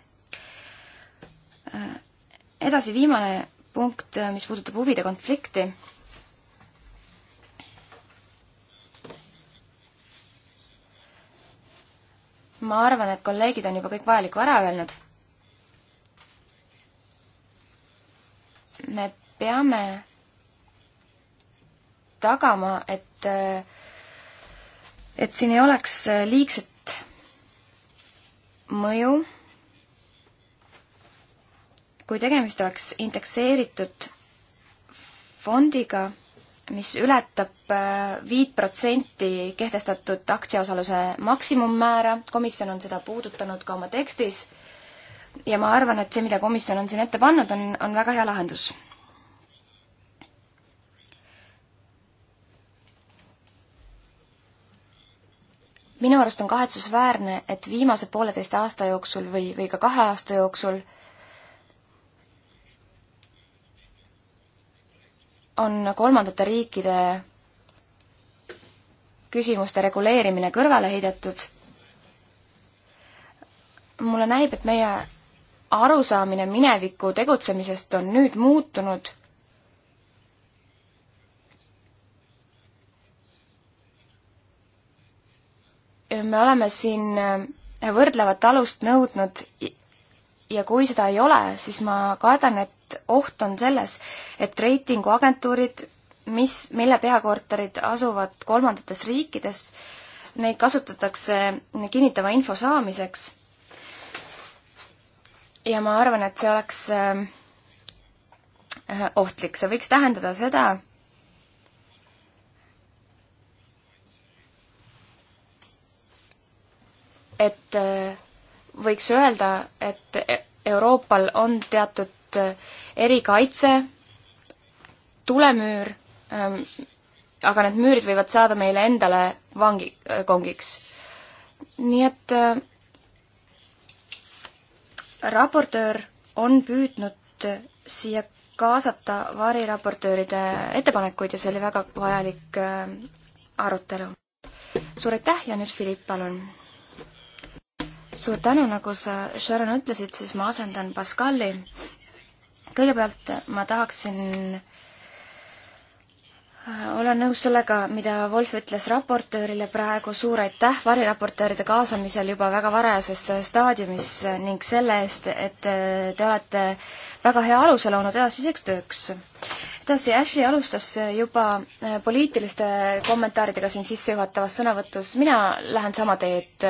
edasi viimane punkt, mis puudutab huvide konflikti. ma arvan, et kolleegid on juba kõik vajalikku ära öelnud. Need peame tagama, et, et siin ei oleks liigset mõju, kui tegemist oleks indekseeritud fondiga, mis ületab äh, viit protsenti kehtestatud aktsiaosaluse maksimummäära, komisjon on seda puudutanud ka oma tekstis, ja ma arvan, et see, mida komisjon on siin ette pannud, on, on väga hea lahendus minu arust on kahetsusväärne, et viimase pooleteist aasta jooksul või, või ka kahe aasta jooksul on kolmandate riikide küsimuste reguleerimine kõrvale heidetud. mulle näib, et meie arusaamine mineviku tegutsemisest on nüüd muutunud me oleme siin äh, võrdlevat alust nõudnud ja kui seda ei ole, siis ma kardan, et oht on selles, et reitinguagentuurid, mis, mille peakorterid asuvad kolmandates riikides, neid kasutatakse kinnitava info saamiseks. ja ma arvan, et see oleks äh, äh, ohtlik, see võiks tähendada seda, et äh, võiks öelda, et e-, Euroopal on teatud äh, erikaitse, tulemüür, ähm, aga need müürid võivad saada meile endale vangi, äh, kongiks. nii et raportöör on püüdnud siia kaasata variraportööride ettepanekuid ja see oli väga vajalik arutelu. suur aitäh ja nüüd Philipp, palun suur tänu, nagu sa, Sharon, ütlesid, siis ma asendan Pascali. kõigepealt ma tahaksin äh, olen nõus sellega, mida Wolf ütles raportöörile praegu, suur aitäh variraportööride kaasamisel juba väga varajases äh, staadiumis äh, ning selle eest, et te olete väga hea aluse loonud edasiseks tööks. Cathy Ashley alustas äh, juba äh, poliitiliste äh, kommentaaridega siin sissejuhatavas sõnavõtus, mina lähen sama teed.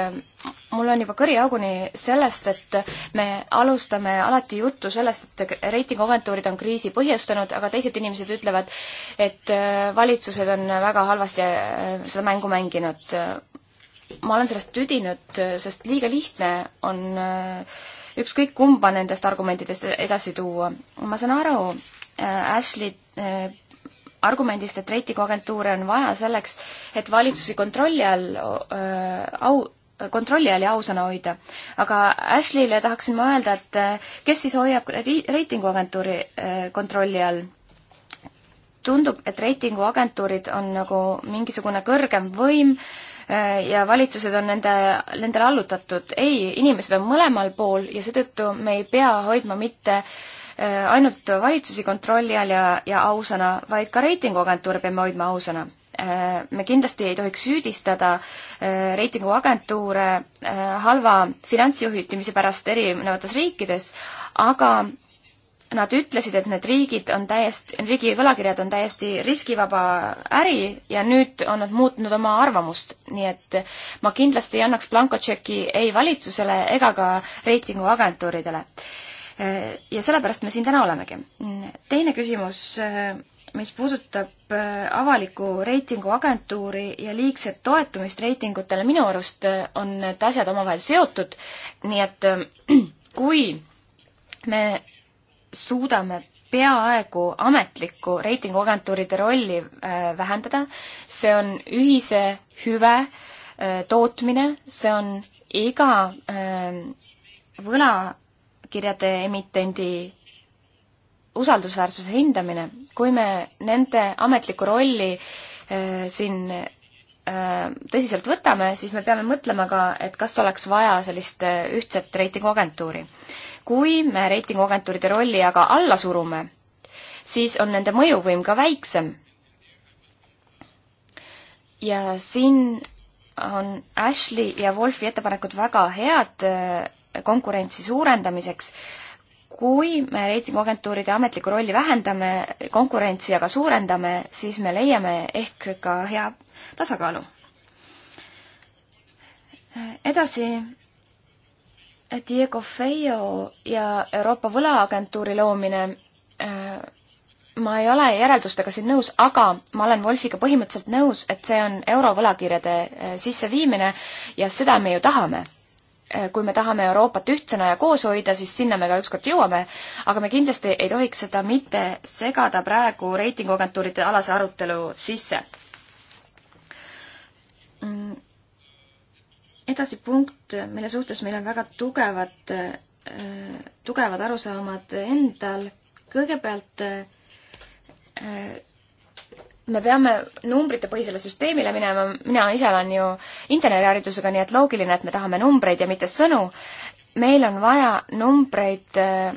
mul on juba kõri auguni sellest, et me alustame alati juttu sellest, et reitinguagentuurid on kriisi põhjustanud, aga teised inimesed ütlevad, et valitsused on väga halvasti seda mängu mänginud. ma olen sellest tüdinud, sest liiga lihtne on ükskõik kumba nendest argumentidest e-, edasi tuua. ma saan aru, Äh, Ashley äh, argumendist, et reitinguagentuure on vaja selleks, et valitsusi kontrolli all äh, au, kontrolli all ja ausana hoida. aga Ashley'le tahaksin ma öelda, et äh, kes siis hoiab reitinguagentuuri äh, kontrolli all? tundub, et reitinguagentuurid on nagu mingisugune kõrgem võim äh, ja valitsused on nende, nendele allutatud. ei, inimesed on mõlemal pool ja seetõttu me ei pea hoidma mitte äh, Äh, ainult valitsusi kontrolli all ja, ja ausana, vaid ka reitinguagentuure peame hoidma ausana. Äh, me kindlasti ei tohiks süüdistada äh, reitinguagentuure halva finantsjuhtimise pärast erinevates riikides, aga nad ütlesid, et need riigid on täiesti, riigi võlakirjad on täiesti riskivaba äri ja nüüd on nad muutnud oma arvamust, nii et ma kindlasti ei annaks blankotšeki ei valitsusele ega ka reitinguagentuuridele. Äh, ja sellepärast me siin täna olemegi. teine küsimus, äh, mis puudutab äh, avaliku reitinguagentuuri ja liigset toetumist reitingutele, minu arust on need asjad omavahel seotud, nii et (clears throat) kui me suudame peaaegu ametlikku reitinguagentuuride rolli vähendada, see on ühise hüve tootmine, see on iga võla kirjade emitendi usaldusväärsuse hindamine, kui me nende ametlikku rolli äh, siin äh, tõsiselt võtame, siis me peame mõtlema ka, et kas oleks vaja sellist äh, ühtset reitinguagentuuri. kui me reitinguagentuuride rolli aga alla surume, siis on nende mõjuvõim ka väiksem. ja siin on Ashley ja Wolfi ettepanekud väga head äh, konkurentsi suurendamiseks, kui me reitinguagentuuride ametlikku rolli vähendame, konkurentsi aga suurendame, siis me leiame ehk ka hea tasakaalu. edasi, Diego Feio ja Euroopa Võlaagentuuri loomine ma ei ole järeldustega siin nõus, aga ma olen Wolfiga põhimõtteliselt nõus, et see on eurovõlakirjade sisseviimine ja seda me ju tahame. Äh, kui me tahame Euroopat ühtsena ja koos hoida, siis sinna me ka ükskord jõuame, aga me kindlasti ei tohiks seda mitte segada praegu reitinguagentuuride alase arutelu sisse. Mm. edasi punkt, mille suhtes meil on väga tugevad, äh, tugevad arusaamad endal, kõigepealt äh, me peame numbritepõhisele süsteemile minema, mina ise olen ju inseneriharidusega, nii et loogiline, et me tahame numbreid ja mitte sõnu. meil on vaja numbreid äh,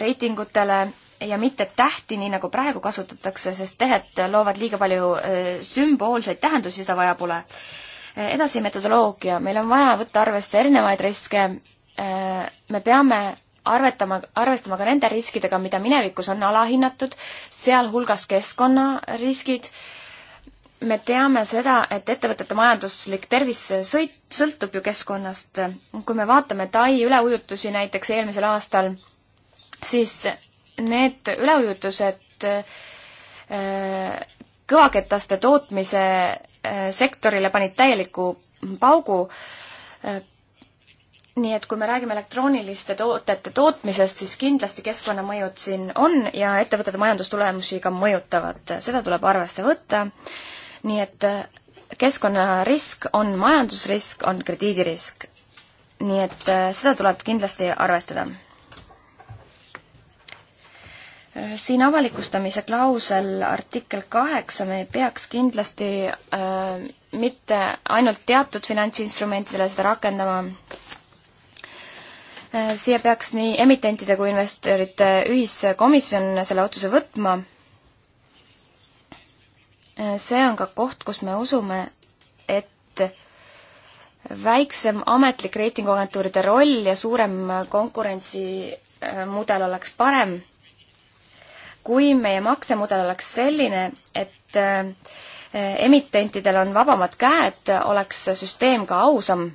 reitingutele ja mitte tähti, nii nagu praegu kasutatakse, sest tehed loovad liiga palju äh, sümboolseid tähendusi, seda vaja pole äh,. edasi metodoloogia, meil on vaja võtta arvesse erinevaid riske, äh, me peame arvetama, arvestama ka nende riskidega, mida minevikus on alahinnatud, sealhulgas keskkonnariskid. me teame seda, et ettevõtete majanduslik tervis sõit, sõltub ju keskkonnast. kui me vaatame Tai üleujutusi näiteks eelmisel aastal, siis need üleujutused äh, kõvaketaste tootmise äh, sektorile panid täieliku paugu äh, nii et kui me räägime elektrooniliste tootete tootmisest, siis kindlasti keskkonnamõjud siin on ja ettevõtete majandustulemusi ka mõjutavad, seda tuleb arvesse võtta. nii et eh, keskkonnarisk on majandusrisk, on krediidirisk. nii et eh, seda tuleb kindlasti arvestada. Eh, siin avalikustamise klausel artikkel kaheksa, me ei peaks kindlasti äh, mitte ainult teatud finantsinstrumentidele seda rakendama, siia peaks nii emitentide kui investorite ühiskomisjon selle otsuse võtma. see on ka koht, kus me usume, et väiksem ametlik reitinguagentuuride roll ja suurem konkurentsimudel äh, oleks parem, kui meie maksemudel oleks selline, et äh, emitentidel on vabamad käed, oleks süsteem ka ausam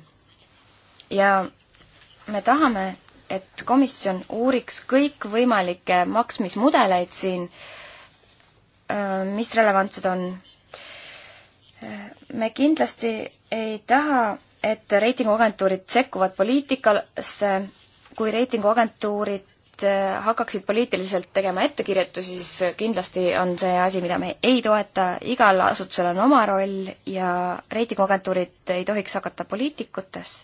ja me tahame, et komisjon uuriks kõikvõimalikke maksmismudeleid siin, mis relevantsed on. me kindlasti ei taha, et reitinguagentuurid sekkuvad poliitikasse, kui reitinguagentuurid hakkaksid poliitiliselt tegema ettekirjutusi, siis kindlasti on see asi, mida me ei toeta, igal asutusel on oma roll ja reitinguagentuurid ei tohiks hakata poliitikutes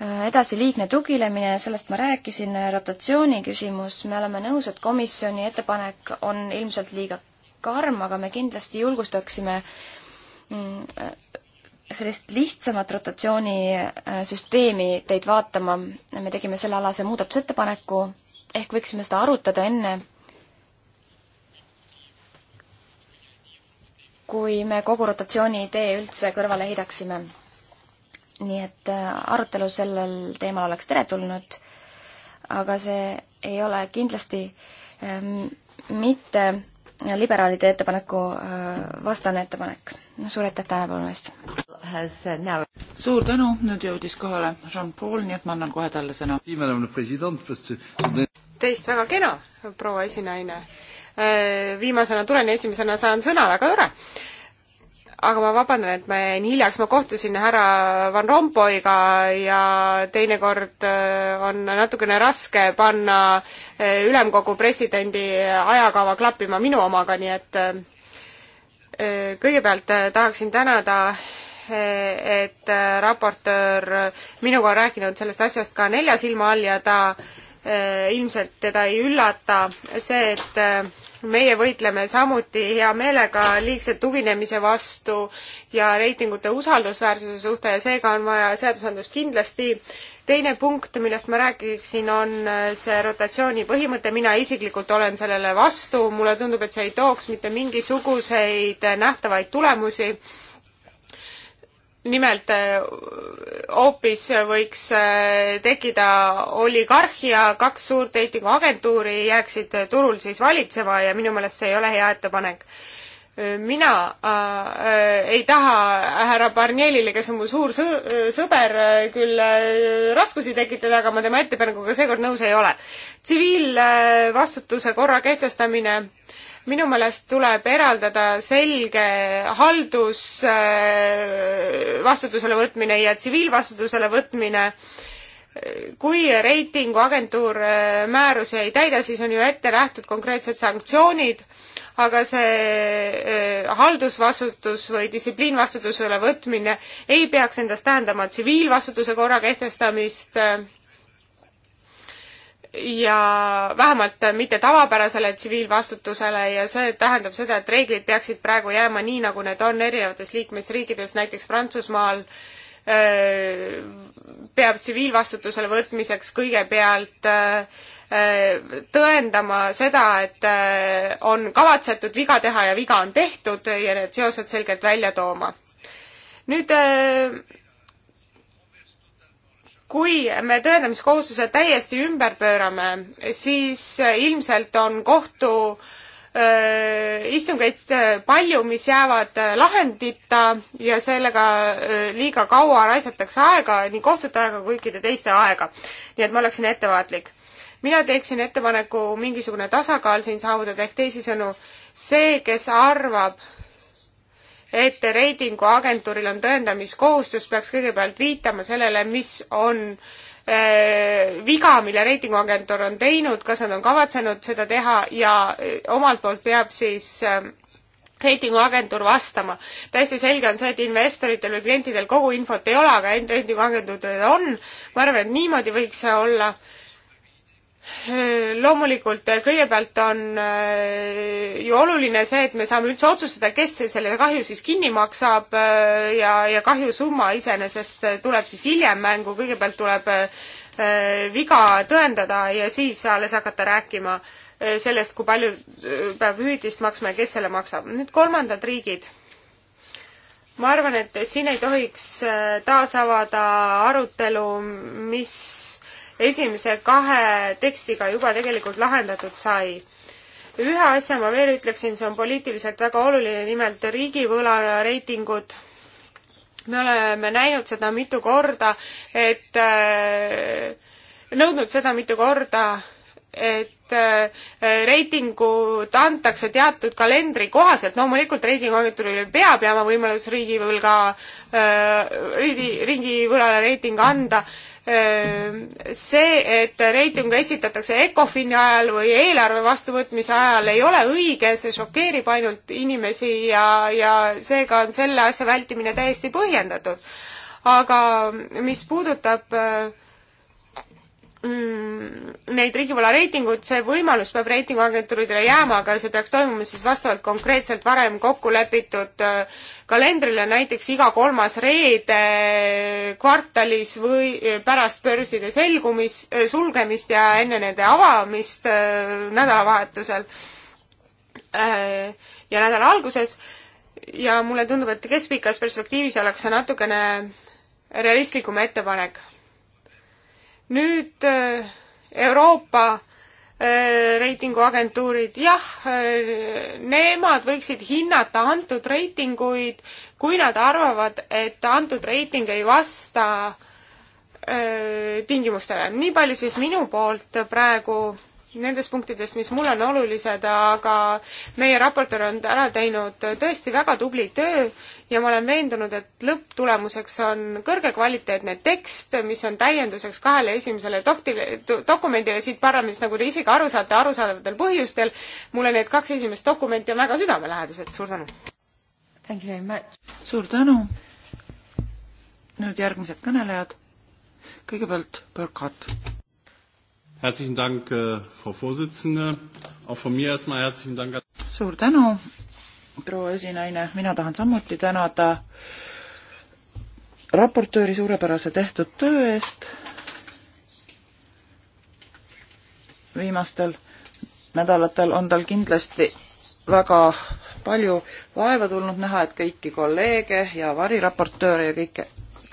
edasi liigne tugilemine, sellest ma rääkisin, rotatsiooni küsimus, me oleme nõus, et komisjoni ettepanek on ilmselt liiga karm, aga me kindlasti julgustaksime mm, sellist lihtsamat rotatsioonisüsteemi äh, teid vaatama, me tegime sellealase muudatusettepaneku, ehk võiksime seda arutada enne, kui me kogu rotatsiooni idee üldse kõrvale heidaksime nii et äh, arutelu sellel teemal oleks teretulnud, aga see ei ole kindlasti ähm, mitte liberaalide ettepaneku äh, vastane ettepanek. suur aitäh tähelepanu eest! Uh, suur tänu, nüüd jõudis kohale Jean-Paul, nii et ma annan kohe talle sõna. Teist väga kena, proua esinaine. Äh, viimasena tulen ja esimesena saan sõna, väga tore! aga ma vabandan, et ma jäin hiljaks, ma kohtusin härra Van Rompuyga ja teinekord äh, on natukene raske panna äh, ülemkogu presidendi ajakava klappima minu omaga, nii et äh, kõigepealt tahaksin tänada et raportöör minuga on rääkinud sellest asjast ka nelja silma all ja ta ilmselt teda ei üllata see, et meie võitleme samuti hea meelega liigse tuginemise vastu ja reitingute usaldusväärsuse suhte ja seega on vaja seadusandlust kindlasti. teine punkt, millest ma räägiksin, on see rotatsiooni põhimõte, mina isiklikult olen sellele vastu, mulle tundub, et see ei tooks mitte mingisuguseid nähtavaid tulemusi nimelt äh, hoopis võiks äh, tekkida oligarhia, kaks suurt reitinguagentuuri jääksid turul siis valitsema ja minu meelest see ei ole hea ettepanek mina äh, äh, ei taha härra Barnielile, kes on mu suur sõ-, sõber, äh, küll äh, raskusi tekitada, aga ma tema ettepanekuga seekord nõus ei ole. tsiviilvastutuse äh, korra kehtestamine minu meelest tuleb eraldada selge haldusvastutusele äh, võtmine ja tsiviilvastutusele võtmine äh, kui reitinguagentuur määrusi ei täida, siis on ju ette nähtud konkreetsed sanktsioonid, aga see äh, haldusvastutus või distsipliinvastutusele võtmine ei peaks endast tähendama tsiviilvastutuse korra kehtestamist äh, ja vähemalt mitte tavapärasele tsiviilvastutusele ja see tähendab seda, et reeglid peaksid praegu jääma nii, nagu need on erinevates liikmesriikides, näiteks Prantsusmaal Äh, peab tsiviilvastutusele võtmiseks kõigepealt äh, tõendama seda, et äh, on kavatsetud viga teha ja viga on tehtud ja need seosed selgelt välja tooma. nüüd kui me tõendamiskohustuse täiesti ümber pöörame, siis ilmselt on kohtu äh, Äh, istungeid äh, palju, mis jäävad äh, lahendita ja sellega liiga kaua raisatakse aega, nii kohtute aega kui kõikide teiste aega. nii et ma oleksin ettevaatlik. mina teeksin ettepaneku mingisugune tasakaal siin saavutada, ehk teisisõnu, see, kes arvab, et reitinguagentuuril on tõendamiskohustus, peaks kõigepealt viitama sellele, mis on äh, Äh, viga, mille reitinguagentuur on teinud, kas nad on kavatsenud seda teha ja äh, omalt poolt peab siis ähm, reitinguagentuur vastama. täiesti selge on see, et investoritel või klientidel kogu infot ei ole, aga reitinguagentuuridel on. ma arvan, et niimoodi võiks see olla loomulikult äh, kõigepealt on äh, ju oluline see, et me saame üldse otsustada, kes selle kahju siis kinni maksab äh, ja, ja kahjusumma iseenesest tuleb siis hiljem mängu, kõigepealt tuleb viga tõendada ja siis alles hakata rääkima sellest, kui palju peab hüvitist maksma ja kes selle maksab. nüüd kolmandad riigid ma arvan, et siin ei tohiks taas avada arutelu, mis esimese kahe tekstiga juba tegelikult lahendatud sai. ühe asja ma veel ütleksin, see on poliitiliselt väga oluline, nimelt riigivõla reitingud. me oleme näinud seda mitu korda, et äh, nõudnud seda mitu korda, et äh, reitingud antakse teatud kalendri kohaselt, loomulikult reitinguagentuuril peab jääma võimalus riigivõlga, äh, riigi, riigivõlale reiting anda. Äh, see, et reiting esitatakse ECOFIN-i ajal või eelarve vastuvõtmise ajal, ei ole õige, see šokeerib ainult inimesi ja, ja seega on selle asja vältimine täiesti põhjendatud. aga mis puudutab äh, mm, neid riigivõla reitinguid, see võimalus peab reitinguagentuuridele jääma, aga see peaks toimuma siis vastavalt konkreetselt varem kokku lepitud äh, kalendrile, näiteks iga kolmas reede äh, kvartalis või äh, pärast börside selgumis, sulgemist ja enne nende avamist nädalavahetusel ja nädala alguses ja mulle tundub, et keskpikas perspektiivis oleks see natukene realistlikum ettepanek nüüd äh, Euroopa äh, reitinguagentuurid, jah, äh, nemad võiksid hinnata antud reitinguid, kui nad arvavad, et antud reiting ei vasta öö, tingimustele. nii palju siis minu poolt praegu nendest punktidest, mis mulle on olulised, aga meie raportöör on ära teinud tõesti väga tubli töö ja ma olen veendunud, et lõpptulemuseks on kõrgekvaliteetne tekst, mis on täienduseks kahele esimesele doktile, dokumendile siit parlamendist, nagu te isegi aru saate, arusaadavatel põhjustel. mulle need kaks esimest dokumenti on väga südamelähedased, suur tänu! suur tänu! nüüd järgmised kõnelejad. kõigepealt Burkhardt Herzlichen Dank, äh, Frau Vorsitzende. Auch von mir erstmal herzlichen Dank. Suur tänu, proua esinaine. Mina tahan samuti tänada raportööri suurepärase tehtud töö eest viimastel nädalatel on tal kindlasti väga palju vaeva tulnud näha, et kõiki kolleege ja variraportööre ja kõike,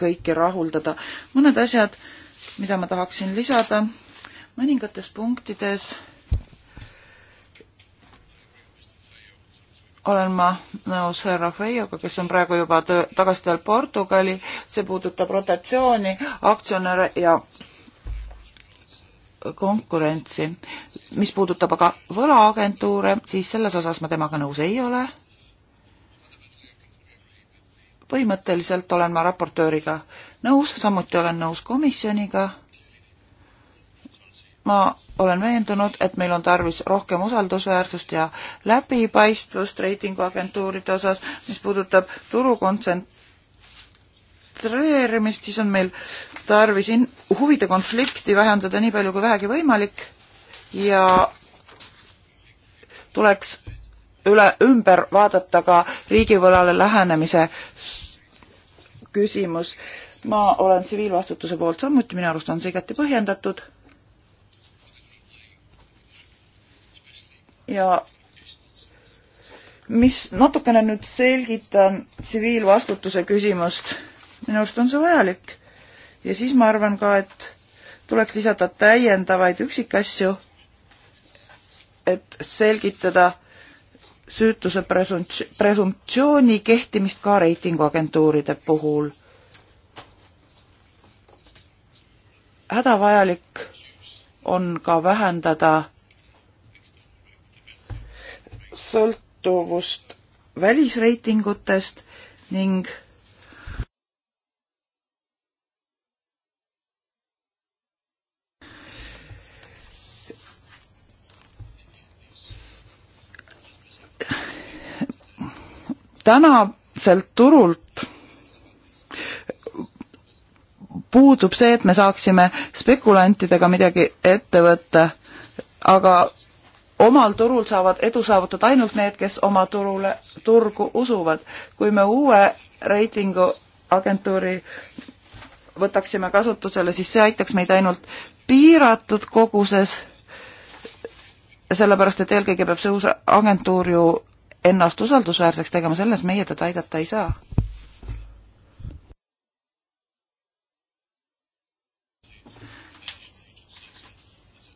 kõiki rahuldada. mõned asjad, mida ma tahaksin lisada mõningates punktides olen ma nõus härra Feioga, kes on praegu juba töö, tagasi tal Portugali, see puudutab rotatsiooni, aktsionäre ja konkurentsi. mis puudutab aga võlaagentuure, siis selles osas ma temaga nõus ei ole. põhimõtteliselt olen ma raportööriga nõus, samuti olen nõus komisjoniga ma olen veendunud, et meil on tarvis rohkem usaldusväärsust ja läbipaistvust reitinguagentuuride osas, mis puudutab turu kontsentreerimist, siis on meil tarvis in-, huvide konflikti vähendada nii palju kui vähegi võimalik ja tuleks üle, ümber vaadata ka riigivõlale lähenemise küsimus. ma olen tsiviilvastutuse poolt samuti, minu arust on see igati põhjendatud ja mis natukene nüüd selgitan tsiviilvastutuse küsimust. minu arust on see vajalik. ja siis ma arvan ka, et tuleks lisada täiendavaid üksikasju, et selgitada süütuse presumptsi-, presumptsiooni kehtimist ka reitinguagentuuride puhul. hädavajalik on ka vähendada sõltuvust välisreitingutest ning tänaselt turult puudub see, et me saaksime spekulantidega midagi ette võtta, aga omal turul saavad edu saavutada ainult need, kes oma turule, turgu usuvad. kui me uue reitinguagentuuri võtaksime kasutusele, siis see aitaks meid ainult piiratud koguses, sellepärast et eelkõige peab see uus agentuur ju ennast usaldusväärseks tegema, selles meie teda aidata ei saa.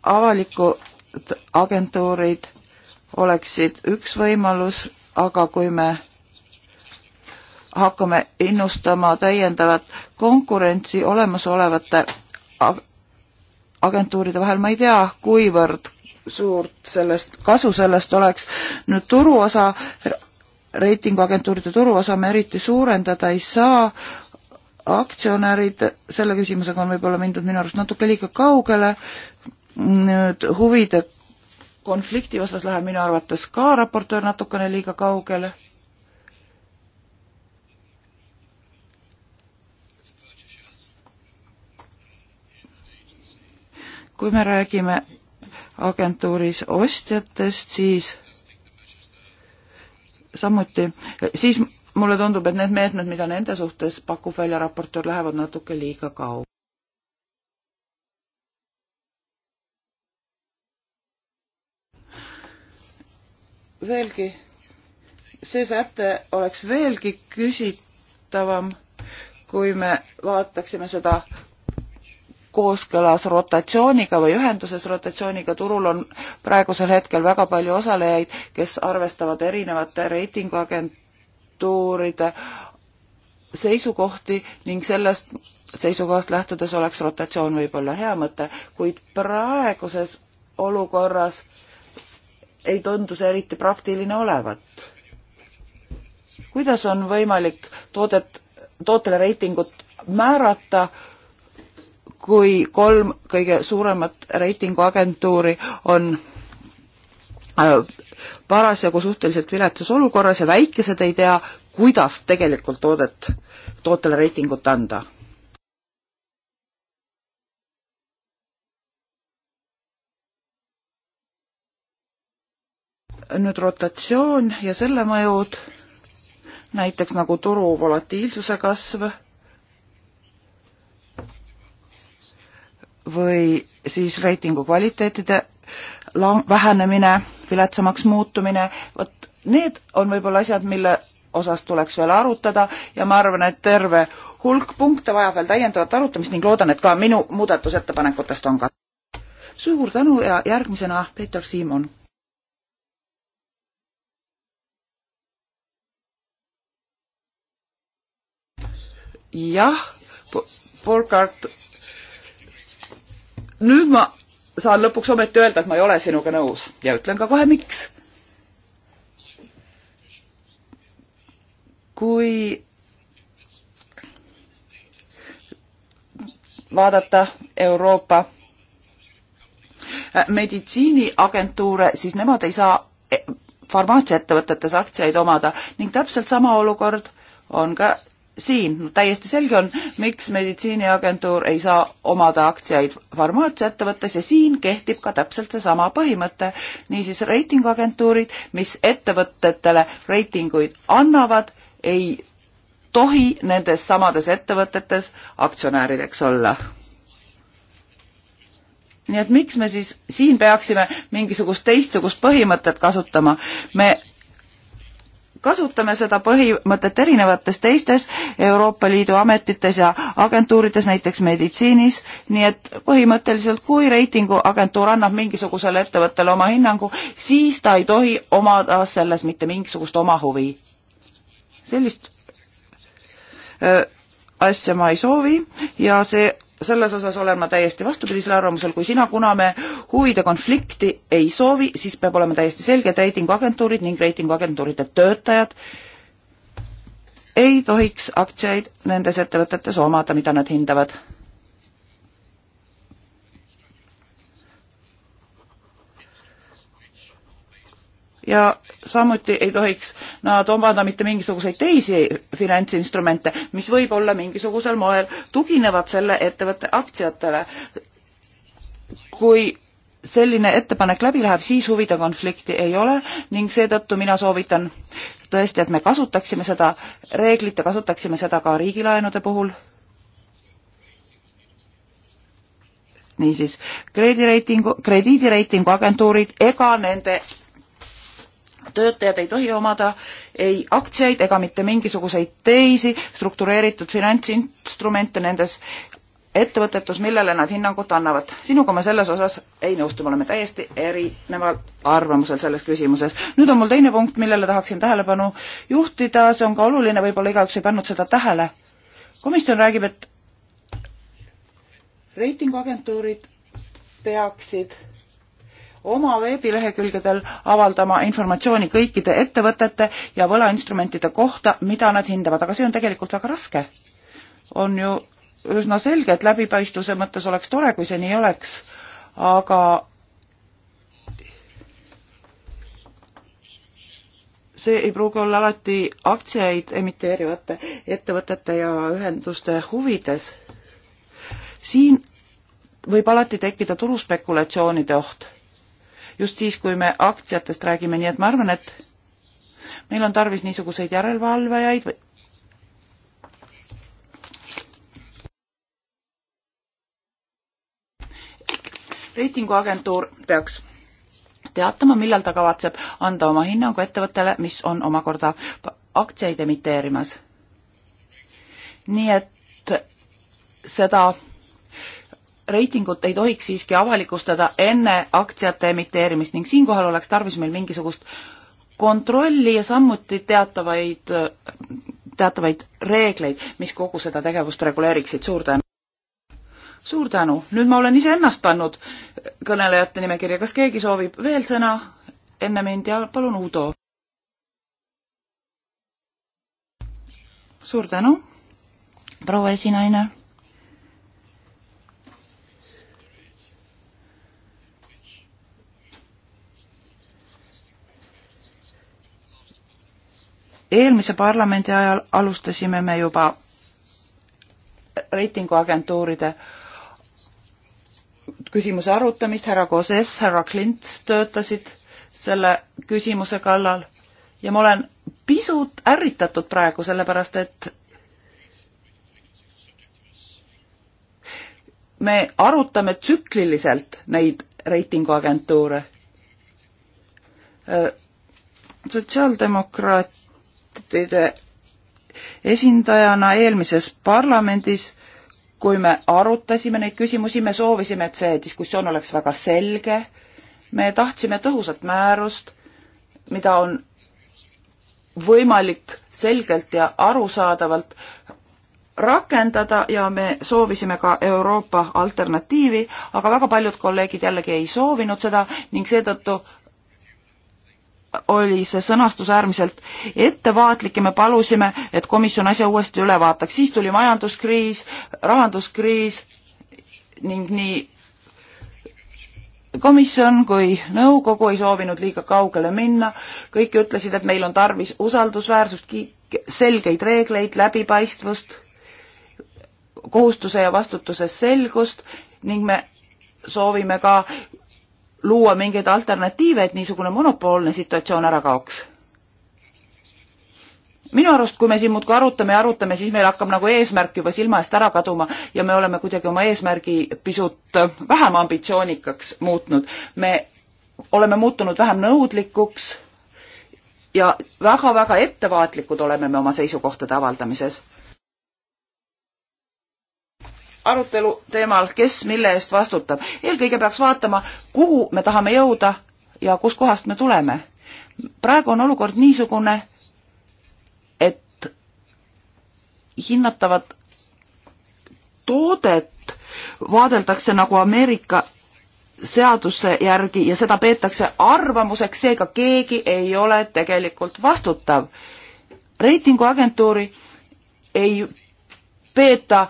avaliku agentuurid oleksid üks võimalus, aga kui me hakkame innustama täiendavat konkurentsi olemasolevate agentuuride vahel, ma ei tea, kuivõrd suurt sellest, kasu sellest oleks. nüüd turuosa, reitinguagentuuride turuosa me eriti suurendada ei saa, aktsionärid, selle küsimusega on võib-olla mindud minu arust natuke liiga kaugele, nüüd huvide konflikti osas läheb minu arvates ka raportöör natukene liiga kaugele. kui me räägime agentuuris ostjatest, siis samuti, siis mulle tundub, et need meetmed, mida nende suhtes pakub välja raportöör, lähevad natuke liiga kaugele. veelgi, see säte oleks veelgi küsitavam, kui me vaataksime seda kooskõlas rotatsiooniga või ühenduses rotatsiooniga, turul on praegusel hetkel väga palju osalejaid, kes arvestavad erinevate reitinguagentuuride seisukohti ning sellest seisukohast lähtudes oleks rotatsioon võib-olla hea mõte, kuid praeguses olukorras äh, ei tundu see eriti praktiline olevat. kuidas on võimalik toodet, tootele reitingut määrata, kui kolm kõige suuremat reitinguagentuuri on äh, parasjagu suhteliselt viletsas olukorras ja väikesed ei tea, kuidas tegelikult toodet, tootele reitingut anda nüüd rotatsioon ja selle mõjud, näiteks nagu turu volatiilsuse kasv või siis reitingu kvaliteetide lang-, vähenemine, viletsamaks muutumine, vot need on võib-olla asjad, mille osas tuleks veel arutada ja ma arvan, et terve hulk punkte vajab veel täiendavat arutamist ning loodan, et ka minu muudatusettepanekutest on ka. suur tänu ja järgmisena Peeter Siimon jah, Burkhardt, nüüd ma saan lõpuks ometi öelda, et ma ei ole sinuga nõus ja ütlen ka kohe, miks. kui vaadata Euroopa äh, meditsiiniagentuure, siis nemad ei saa eh, farmaatsiaettevõtetes aktsiaid omada ning täpselt sama olukord on ka siin täiesti selge on, miks meditsiiniagentuur ei saa omada aktsiaid farmaatsiaettevõttes ja siin kehtib ka täpselt seesama põhimõte. niisiis reitinguagentuurid, mis ettevõtetele reitinguid annavad, ei tohi nendes samades ettevõtetes aktsionärideks olla. nii et miks me siis siin peaksime mingisugust teistsugust põhimõtet kasutama? me kasutame seda põhimõtet erinevates teistes Euroopa Liidu ametites ja agentuurides, näiteks meditsiinis, nii et põhimõtteliselt kui reitinguagentuur annab mingisugusele ettevõttele oma hinnangu, siis ta ei tohi omada selles mitte mingisugust omahuvi. sellist öö, äh, asja ma ei soovi ja see selles osas olen ma täiesti vastupidisel arvamusel kui sina, kuna me huvide konflikti ei soovi, siis peab olema täiesti selge, et reitinguagentuurid ning reitinguagentuuride töötajad ei tohiks aktsiaid nendes ettevõtetes omada, mida nad hindavad ja samuti ei tohiks nad omada mitte mingisuguseid teisi finantsinstrumente, mis võib-olla mingisugusel moel tuginevad selle ettevõtte aktsiatele. kui selline ettepanek läbi läheb, siis huvide konflikti ei ole ning seetõttu mina soovitan tõesti, et me kasutaksime seda reeglit ja kasutaksime seda ka riigilaenude puhul. niisiis, krediidireitingu, krediidireitingu agentuurid ega nende töötajad ei tohi omada ei aktsiaid ega mitte mingisuguseid teisi struktureeritud finantsinstrumente nendes ettevõtetus, millele nad hinnangut annavad. sinuga ma selles osas ei nõustu, me oleme täiesti erineval arvamusel selles küsimuses. nüüd on mul teine punkt, millele tahaksin tähelepanu juhtida, see on ka oluline, võib-olla igaüks ei pannud seda tähele. komisjon räägib, et reitinguagentuurid peaksid oma veebilehekülgedel avaldama informatsiooni kõikide ettevõtete ja võlainstrumentide kohta, mida nad hindavad, aga see on tegelikult väga raske. on ju üsna selge, et läbipaistvuse mõttes oleks tore, kui see nii oleks, aga see ei pruugi olla alati aktsiaid emiteerivate ettevõtete ja ühenduste huvides. siin võib alati tekkida turuspekulatsioonide oht just siis, kui me aktsiatest räägime, nii et ma arvan, et meil on tarvis niisuguseid järelevalvajaid või reitinguagentuur peaks teatama, millal ta kavatseb anda oma hinnangu ettevõttele, mis on omakorda aktsiaid emiteerimas. nii et seda reitingut ei tohiks siiski avalikustada enne aktsiate emiteerimist ning siinkohal oleks tarvis meil mingisugust kontrolli ja samuti teatavaid, teatavaid reegleid, mis kogu seda tegevust reguleeriksid, suur tänu. suur tänu, nüüd ma olen iseennast pannud kõnelejate nimekirja, kas keegi soovib veel sõna enne mind ja palun, Udo. suur tänu, proua esinaine eelmise parlamendi ajal alustasime me juba reitinguagentuuride küsimuse arutamist, härra Koses, härra Klints töötasid selle küsimuse kallal ja ma olen pisut ärritatud praegu, sellepärast et me arutame tsükliliselt neid reitinguagentuure. Äh, sotsiaaldemokraat parlamentide esindajana eelmises parlamendis, kui me arutasime neid küsimusi, me soovisime, et see diskussioon oleks väga selge. me tahtsime tõhusat määrust, mida on võimalik selgelt ja arusaadavalt rakendada ja me soovisime ka Euroopa alternatiivi, aga väga paljud kolleegid jällegi ei soovinud seda ning seetõttu oli see sõnastus äärmiselt ettevaatlik ja me palusime, et komisjon asja uuesti üle vaataks. siis tuli majanduskriis, rahanduskriis ning nii komisjon kui nõukogu ei soovinud liiga kaugele minna, kõik ütlesid, et meil on tarvis usaldusväärsust, selgeid reegleid, läbipaistvust, kohustuse ja vastutuse selgust ning me soovime ka luua mingeid alternatiive, et niisugune monopoolne situatsioon ära kaoks? minu arust, kui me siin muudkui arutame ja arutame, siis meil hakkab nagu eesmärk juba silma eest ära kaduma ja me oleme kuidagi oma eesmärgi pisut vähem ambitsioonikaks muutnud. me oleme muutunud vähem nõudlikuks ja väga-väga ettevaatlikud oleme me oma seisukohtade avaldamises arutelu teemal, kes mille eest vastutab. eelkõige peaks vaatama, kuhu me tahame jõuda ja kuskohast me tuleme. praegu on olukord niisugune, et hinnatavat toodet vaadeldakse nagu Ameerika seaduse järgi ja seda peetakse arvamuseks, seega keegi ei ole tegelikult vastutav. reitinguagentuuri ei peeta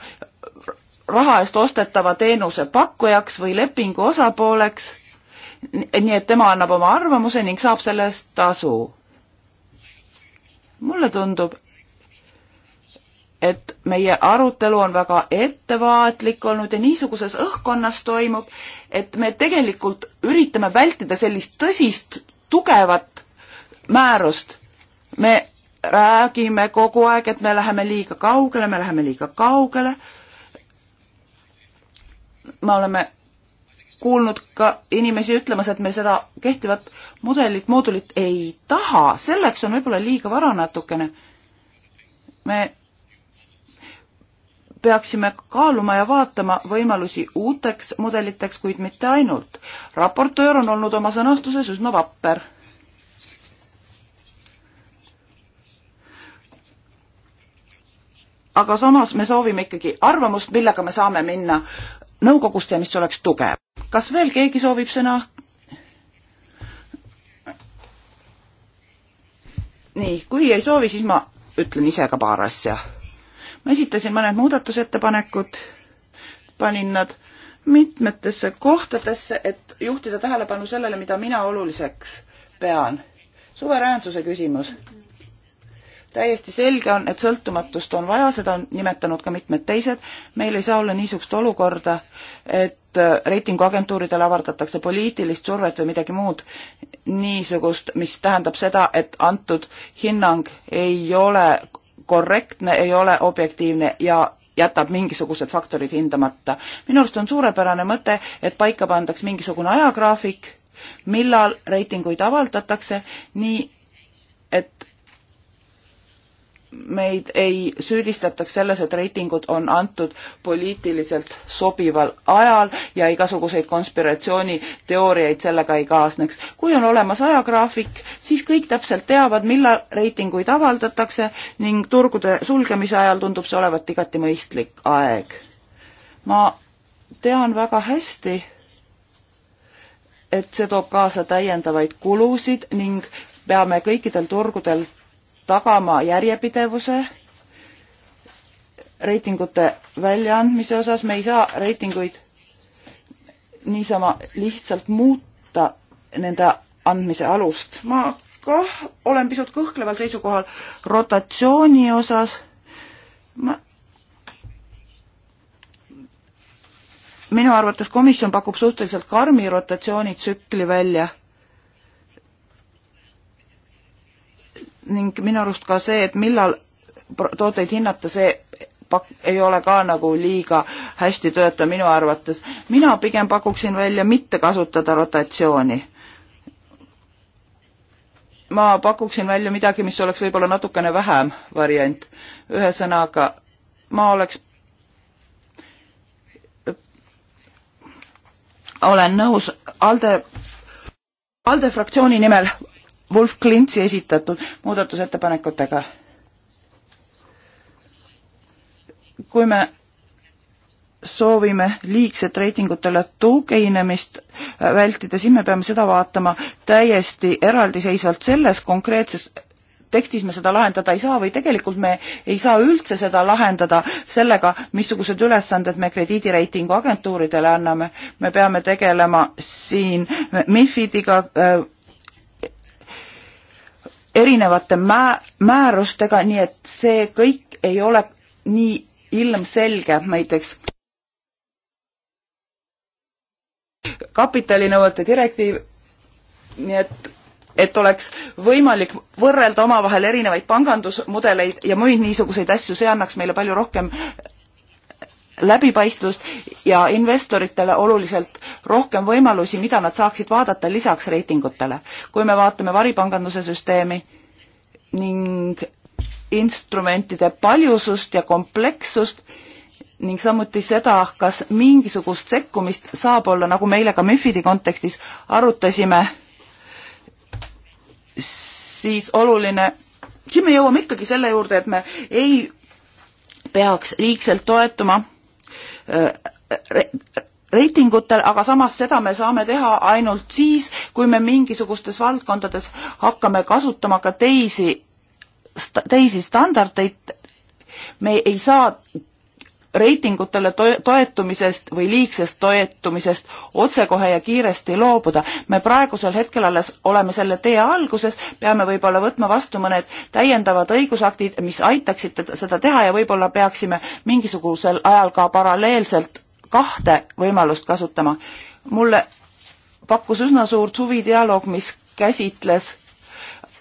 raha eest ostetava teenuse pakkujaks või lepingu osapooleks, nii et tema annab oma arvamuse ning saab selle eest tasu. mulle tundub, et meie arutelu on väga ettevaatlik olnud ja niisuguses õhkkonnas toimub, et me tegelikult üritame vältida sellist tõsist tugevat määrust. me räägime kogu aeg, et me läheme liiga kaugele, me läheme liiga kaugele me oleme kuulnud ka inimesi ütlemas, et me seda kehtivat mudelit, moodulit ei taha, selleks on võib-olla liiga vara natukene. me peaksime kaaluma ja vaatama võimalusi uuteks mudeliteks, kuid mitte ainult. raportöör on olnud oma sõnastuses üsna vapper. aga samas me soovime ikkagi arvamust, millega me saame minna nõukogust ja mis oleks tugev. kas veel keegi soovib sõna? nii, kui ei soovi, siis ma ütlen ise ka paar asja. ma esitasin mõned muudatusettepanekud, panin nad mitmetesse kohtadesse, et juhtida tähelepanu sellele, mida mina oluliseks pean. suveräänsuse küsimus mm. -hmm täiesti selge on, et sõltumatust on vaja, seda on nimetanud ka mitmed teised, meil ei saa olla niisugust olukorda, et äh, reitinguagentuuridele avaldatakse poliitilist survet või midagi muud niisugust, mis tähendab seda, et antud hinnang ei ole korrektne, ei ole objektiivne ja jätab mingisugused faktorid hindamata. minu arust on suurepärane mõte, et paika pandaks mingisugune ajagraafik, millal reitinguid avaldatakse, nii et meid ei süüdistataks selles, et reitingud on antud poliitiliselt sobival ajal ja igasuguseid konspiratsiooniteooriaid sellega ei kaasneks. kui on olemas ajagraafik, siis kõik täpselt teavad, millal reitinguid avaldatakse ning turgude sulgemise ajal tundub see olevat igati mõistlik aeg. ma tean väga hästi, et see toob kaasa täiendavaid kulusid ning peame kõikidel turgudel tagama järjepidevuse reitingute väljaandmise osas, me ei saa reitinguid niisama lihtsalt muuta nende andmise alust. ma kah olen pisut kõhkleval seisukohal rotatsiooni osas. ma minu arvates komisjon pakub suhteliselt karmi rotatsioonitsükli välja ning minu arust ka see, et millal tooteid hinnata, see pak-, ei ole ka nagu liiga hästi töötav minu arvates. mina pigem pakuksin välja mitte kasutada rotatsiooni. ma pakuksin välja midagi, mis oleks võib-olla natukene vähem variant. ühesõnaga, ma oleks olen nõus ALDE, ALDE fraktsiooni nimel Wolf Klintsi esitatud muudatusettepanekutega. kui me soovime liigset reitingutele tuginemist vältida, siis me peame seda vaatama täiesti eraldiseisvalt selles konkreetses tekstis me seda lahendada ei saa või tegelikult me ei saa üldse seda lahendada sellega, missugused ülesanded me krediidireitingu agentuuridele anname. me peame tegelema siin MIFIDiga äh,, erinevate määr, määrustega, nii et see kõik ei ole nii ilmselge, näiteks kapitalinõuete direktiiv, nii et, et oleks võimalik võrrelda omavahel erinevaid pangandusmudeleid ja muid niisuguseid asju, see annaks meile palju rohkem läbipaistvust ja investoritele oluliselt rohkem võimalusi, mida nad saaksid vaadata lisaks reitingutele. kui me vaatame varipanganduse süsteemi ning instrumentide paljusust ja komplekssust ning samuti seda, kas mingisugust sekkumist saab olla, nagu meile ka MIFID-i kontekstis arutasime, siis oluline, siin me jõuame ikkagi selle juurde, et me ei peaks liigselt toetuma reitingutel, aga samas seda me saame teha ainult siis, kui me mingisugustes valdkondades hakkame kasutama ka teisi, teisi standardeid. me ei saa reitingutele toetumisest või liigsest toetumisest otsekohe ja kiiresti loobuda. me praegusel hetkel alles oleme selle tee alguses, peame võib-olla võtma vastu mõned täiendavad õigusaktid, mis aitaksid seda teha ja võib-olla peaksime mingisugusel ajal ka paralleelselt kahte võimalust kasutama. mulle pakkus üsna suurt huvi dialoog, mis käsitles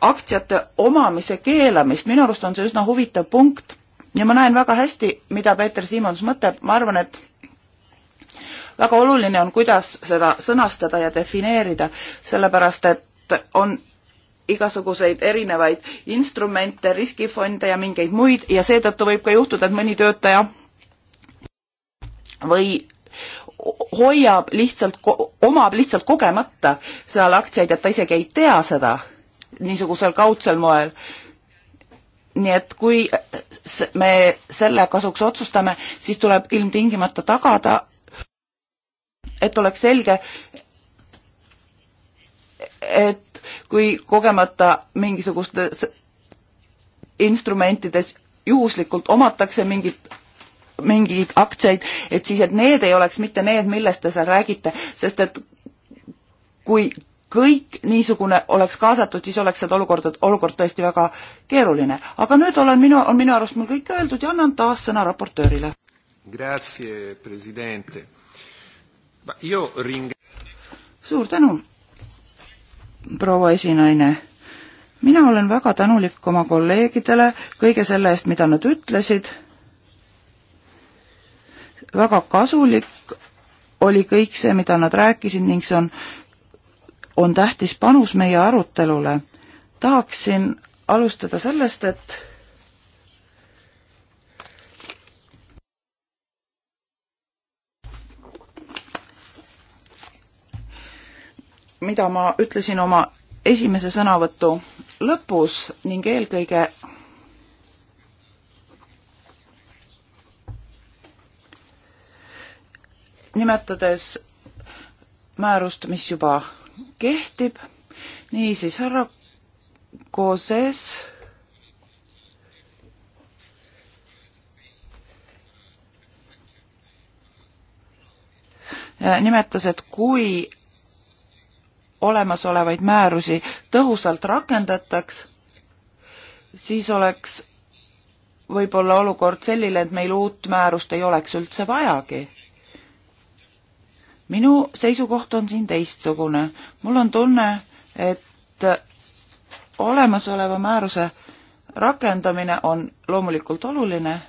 aktsiate omamise keelamist, minu arust on see üsna huvitav punkt ja ma näen väga hästi, mida Peeter Siimons mõtleb, ma arvan, et väga oluline on, kuidas seda sõnastada ja defineerida, sellepärast et on igasuguseid erinevaid instrumente, riskifonde ja mingeid muid ja seetõttu võib ka juhtuda, et mõni töötaja või hoiab lihtsalt, omab lihtsalt kogemata seal aktsiaid, et ta isegi ei tea seda niisugusel kaudsel moel nii et kui me selle kasuks otsustame, siis tuleb ilmtingimata tagada, et oleks selge, et kui kogemata mingisugustes instrumentides juhuslikult omatakse mingit, mingeid aktsiaid, et siis, et need ei oleks mitte need, millest te seal räägite, sest et kui kõik niisugune oleks kaasatud, siis oleks seda olukorda, olukord tõesti väga keeruline. aga nüüd olen minu, on minu arust mul kõik öeldud ja annan taas sõna raportöörile. Ring... suur tänu, proua esinaine. mina olen väga tänulik oma kolleegidele kõige selle eest, mida nad ütlesid. väga kasulik oli kõik see, mida nad rääkisid ning see on on tähtis panus meie arutelule. tahaksin alustada sellest, et mida ma ütlesin oma esimese sõnavõtu lõpus ning eelkõige nimetades määrust, mis juba kehtib. niisiis, härra Koses. nimetas, et kui olemasolevaid määrusi tõhusalt rakendataks, siis oleks võib-olla olukord selline, et meil uut määrust ei oleks üldse vajagi minu seisukoht on siin teistsugune. mul on tunne, et olemasoleva määruse rakendamine on loomulikult oluline,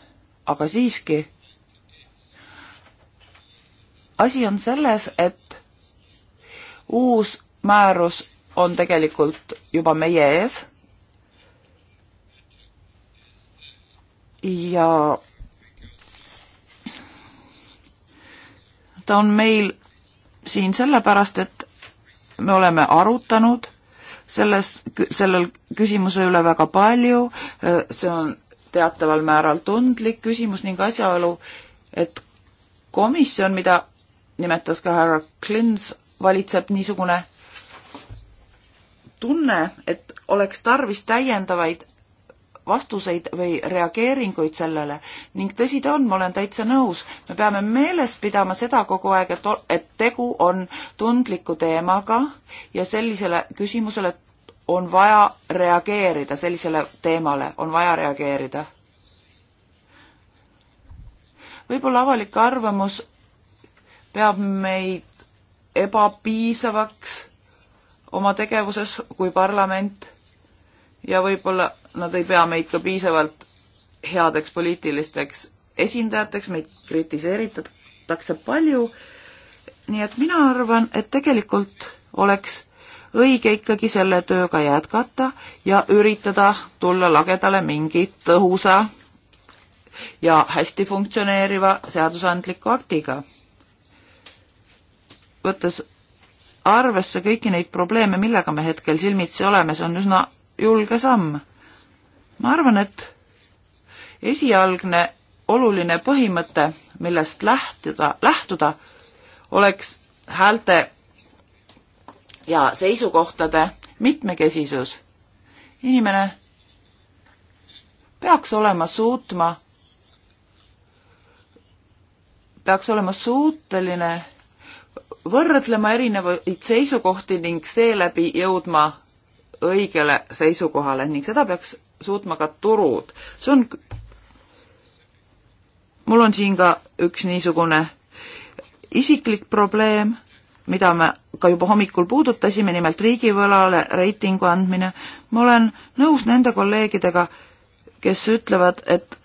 aga siiski asi on selles, et uus määrus on tegelikult juba meie ees. ja ta on meil siin sellepärast, et me oleme arutanud selles, sellel küsimuse üle väga palju, see on teataval määral tundlik küsimus ning asjaolu, et komisjon, mida nimetas ka härra Klins, valitseb niisugune tunne, et oleks tarvis täiendavaid vastuseid või reageeringuid sellele ning tõsi ta on, ma olen täitsa nõus, me peame meeles pidama seda kogu aeg, et, et tegu on tundliku teemaga ja sellisele küsimusele on vaja reageerida, sellisele teemale on vaja reageerida. võib-olla avalik arvamus peab meid ebapiisavaks oma tegevuses kui parlament ja võib-olla nad ei pea meid ka piisavalt headeks poliitilisteks esindajateks, meid kritiseeritakse palju. nii et mina arvan, et tegelikult oleks õige ikkagi selle tööga jätkata ja üritada tulla lagedale mingi tõhusa ja hästi funktsioneeriva seadusandliku aktiga. võttes arvesse kõiki neid probleeme, millega me hetkel silmitsi oleme, see on üsna julge samm ma arvan, et esialgne oluline põhimõte, millest lähtuda, lähtuda, oleks häälte ja seisukohtade mitmekesisus. inimene peaks olema suutma, peaks olema suuteline võrdlema erinevaid seisukohti ning seeläbi jõudma õigele seisukohale ning seda peaks suutma ka turud. see on, mul on siin ka üks niisugune isiklik probleem, mida me ka juba hommikul puudutasime, nimelt riigivõlale reitingu andmine. ma olen nõus nende kolleegidega, kes ütlevad, et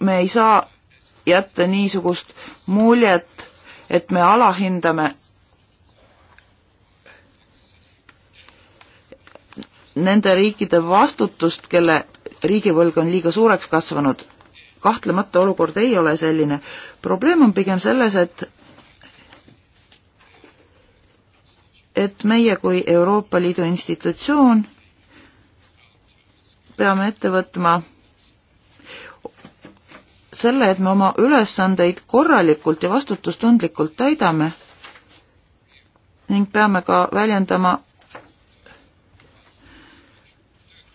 me ei saa jätta niisugust muljet, et me alahindame nende riikide vastutust, kelle riigivõlg on liiga suureks kasvanud. kahtlemata olukord ei ole selline. probleem on pigem selles, et et meie kui Euroopa Liidu institutsioon peame ette võtma selle, et me oma ülesandeid korralikult ja vastutustundlikult täidame ning peame ka väljendama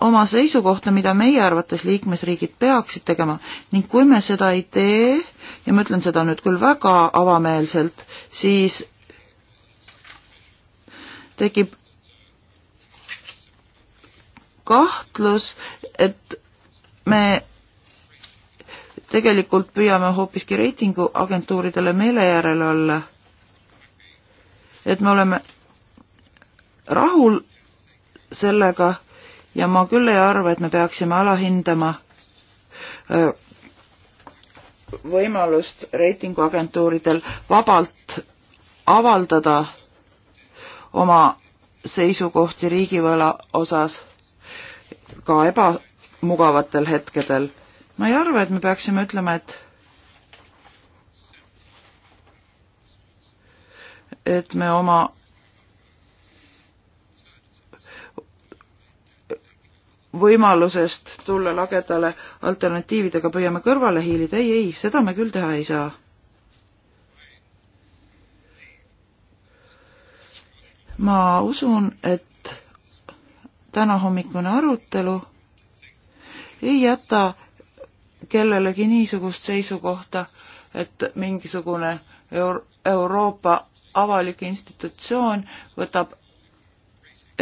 oma seisukohta, mida meie arvates liikmesriigid peaksid tegema ning kui me seda ei tee ja ma ütlen seda nüüd küll väga avameelselt, siis tekib kahtlus, et me tegelikult püüame hoopiski reitinguagentuuridele meele järele olla. et me oleme rahul sellega, ja ma küll ei arva, et me peaksime alahindama võimalust reitinguagentuuridel vabalt avaldada oma seisukohti riigivõla osas ka ebamugavatel hetkedel. ma ei arva, et me peaksime ütlema, et et me oma võimalusest tulla lagedale alternatiividega püüame kõrvale hiilida, ei, ei, seda me küll teha ei saa. ma usun, et tänahommikune arutelu ei jäta kellelegi niisugust seisukohta, et mingisugune Euro Euroopa avalik institutsioon võtab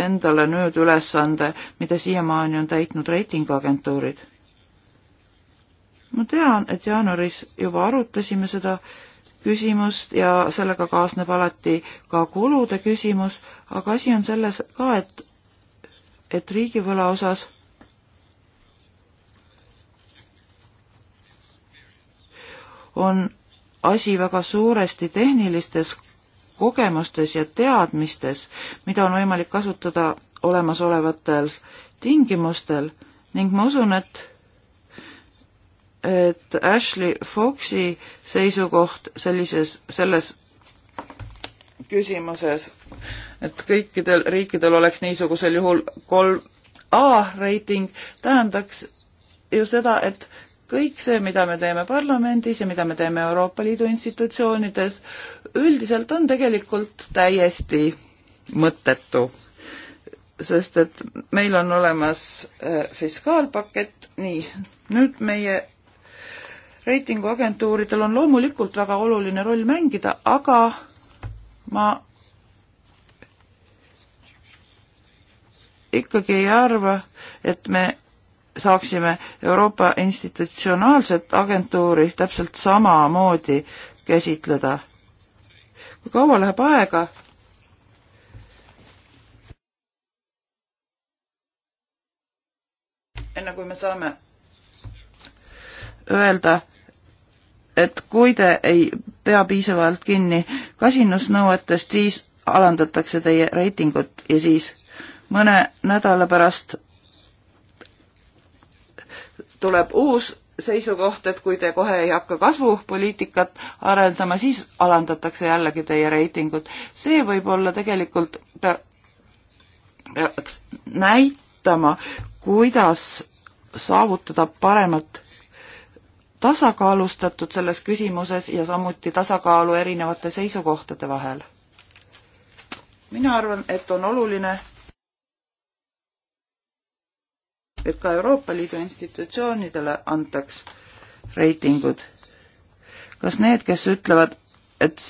endale nüüd ülesande, mida siiamaani on täitnud reitinguagentuurid. ma tean, et jaanuaris juba arutasime seda küsimust ja sellega kaasneb alati ka kulude küsimus, aga asi on selles ka, et, et riigivõla osas on asi väga suuresti tehnilistes kogemustes ja teadmistes, mida on võimalik kasutada olemasolevatel tingimustel ning ma usun, et et Ashley Foxi seisukoht sellises, selles küsimuses, et kõikidel riikidel oleks niisugusel juhul kolm A reiting, tähendaks ju seda, et kõik see, mida me teeme parlamendis ja mida me teeme Euroopa Liidu institutsioonides, üldiselt on tegelikult täiesti mõttetu. sest et meil on olemas äh, fiskaalpakett, nii, nüüd meie reitinguagentuuridel on loomulikult väga oluline roll mängida, aga ma ikkagi ei arva, et me saaksime Euroopa institutsionaalset agentuuri täpselt samamoodi käsitleda. kui kaua läheb aega? enne kui me saame öelda, et kui te ei pea piisavalt kinni kasinusnõuetest, siis alandatakse teie reitingut ja siis mõne nädala pärast tuleb uus seisukoht, et kui te kohe ei hakka kasvupoliitikat arendama, siis alandatakse jällegi teie reitingut. see võib olla tegelikult, peaks näitama, kuidas saavutada paremat tasakaalustatud selles küsimuses ja samuti tasakaalu erinevate seisukohtade vahel. mina arvan, et on oluline et ka Euroopa Liidu institutsioonidele antaks reitingud. kas need, kes ütlevad, et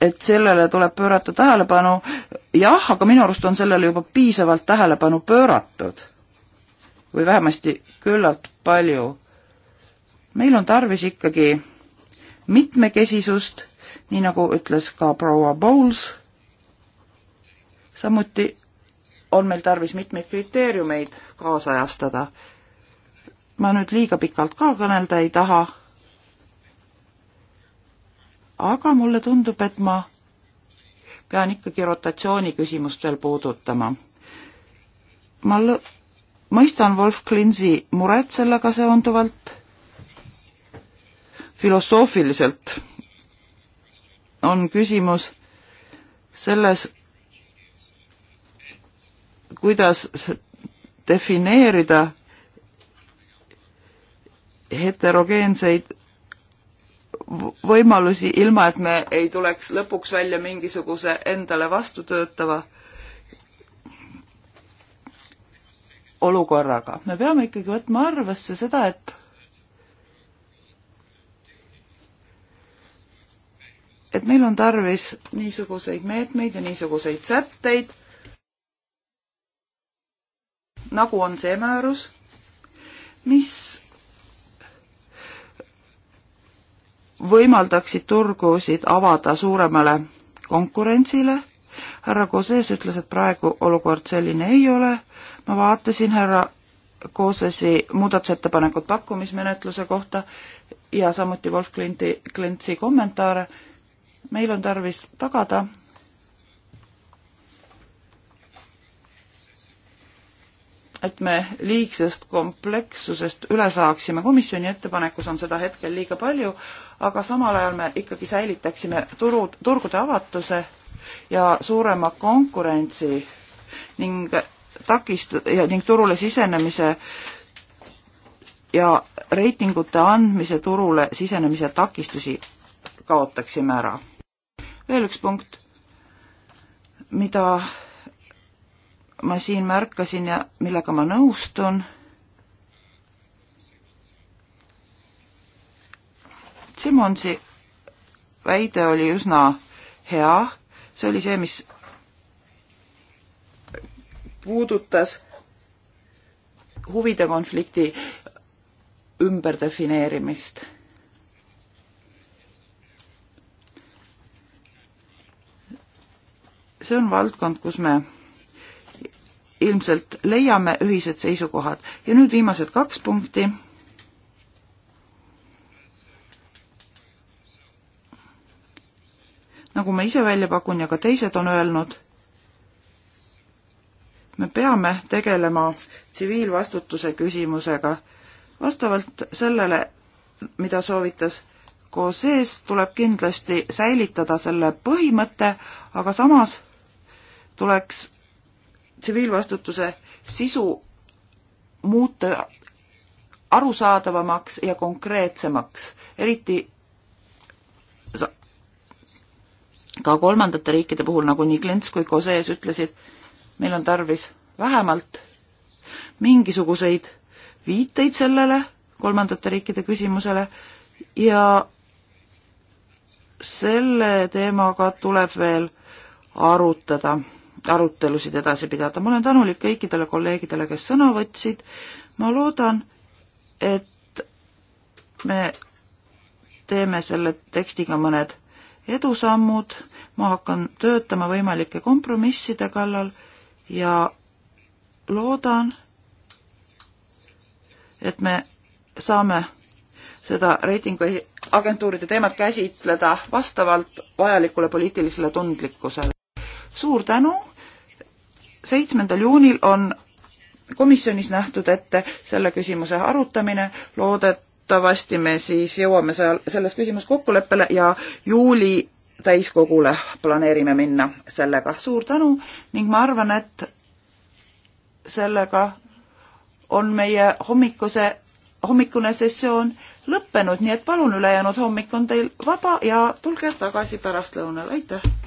et sellele tuleb pöörata tähelepanu, jah, aga minu arust on sellele juba piisavalt tähelepanu pööratud. või vähemasti küllalt palju. meil on tarvis ikkagi mitmekesisust, nii nagu ütles ka proua Bowles, samuti on meil tarvis mitmeid kriteeriumeid kaasajastada. ma nüüd liiga pikalt ka kõnelda ei taha. aga mulle tundub, et ma pean ikkagi rotatsiooni küsimust veel puudutama. ma lõ-, mõistan Wolf Klinsi muret sellega seonduvalt filosoofiliselt on küsimus selles, kuidas defineerida heterogeenseid võimalusi, ilma et me ei tuleks lõpuks välja mingisuguse endale vastutöötava olukorraga. me peame ikkagi võtma arvesse seda, et et meil on tarvis niisuguseid meetmeid ja niisuguseid sätteid, nagu on see määrus, mis võimaldaksid turgusid avada suuremale konkurentsile. härra Koses ütles, et praegu olukord selline ei ole. ma vaatasin härra Kosesi muudatusettepanekut pakkumismenetluse kohta ja samuti Wolf Klinti, Klintsi kommentaare. meil on tarvis tagada, et me liigsest komplekssusest üle saaksime. komisjoni ettepanekus on seda hetkel liiga palju, aga samal ajal me ikkagi säilitaksime turud, turgude avatuse ja suurema konkurentsi ning takist- ja ning turule sisenemise ja reitingute andmise turule sisenemise takistusi kaotaksime ära. veel üks punkt, mida ma siin märkasin ja millega ma nõustun, Simonsi väide oli üsna hea, see oli see, mis puudutas huvide konflikti ümberdefineerimist. see on valdkond, kus me ilmselt leiame ühised seisukohad. ja nüüd viimased kaks punkti. nagu ma ise välja pakun ja ka teised on öelnud, me peame tegelema tsiviilvastutuse küsimusega. vastavalt sellele, mida soovitas koos, tuleb kindlasti säilitada selle põhimõte, aga samas tuleks tsiviilvastutuse sisu muuta arusaadavamaks ja konkreetsemaks, eriti ka kolmandate riikide puhul, nagu nii Klints kui Kosees ütlesid, meil on tarvis vähemalt mingisuguseid viiteid sellele kolmandate riikide küsimusele ja selle teemaga tuleb veel arutada arutelusid edasi pidada. ma olen tänulik kõikidele kolleegidele, kes sõna võtsid. ma loodan, et me teeme selle tekstiga mõned edusammud, ma hakkan töötama võimalike kompromisside kallal ja loodan, et me saame seda reitinguagentuuride teemat käsitleda vastavalt vajalikule poliitilisele tundlikkusele. suur tänu seitsmendal juunil on komisjonis nähtud ette selle küsimuse arutamine, loodetavasti me siis jõuame seal selles küsimus kokkuleppele ja juuli täiskogule planeerime minna sellega. suur tänu ning ma arvan, et sellega on meie hommikuse, hommikune sessioon lõppenud, nii et palun, ülejäänud hommik on teil vaba ja tulge tagasi pärastlõunal, aitäh!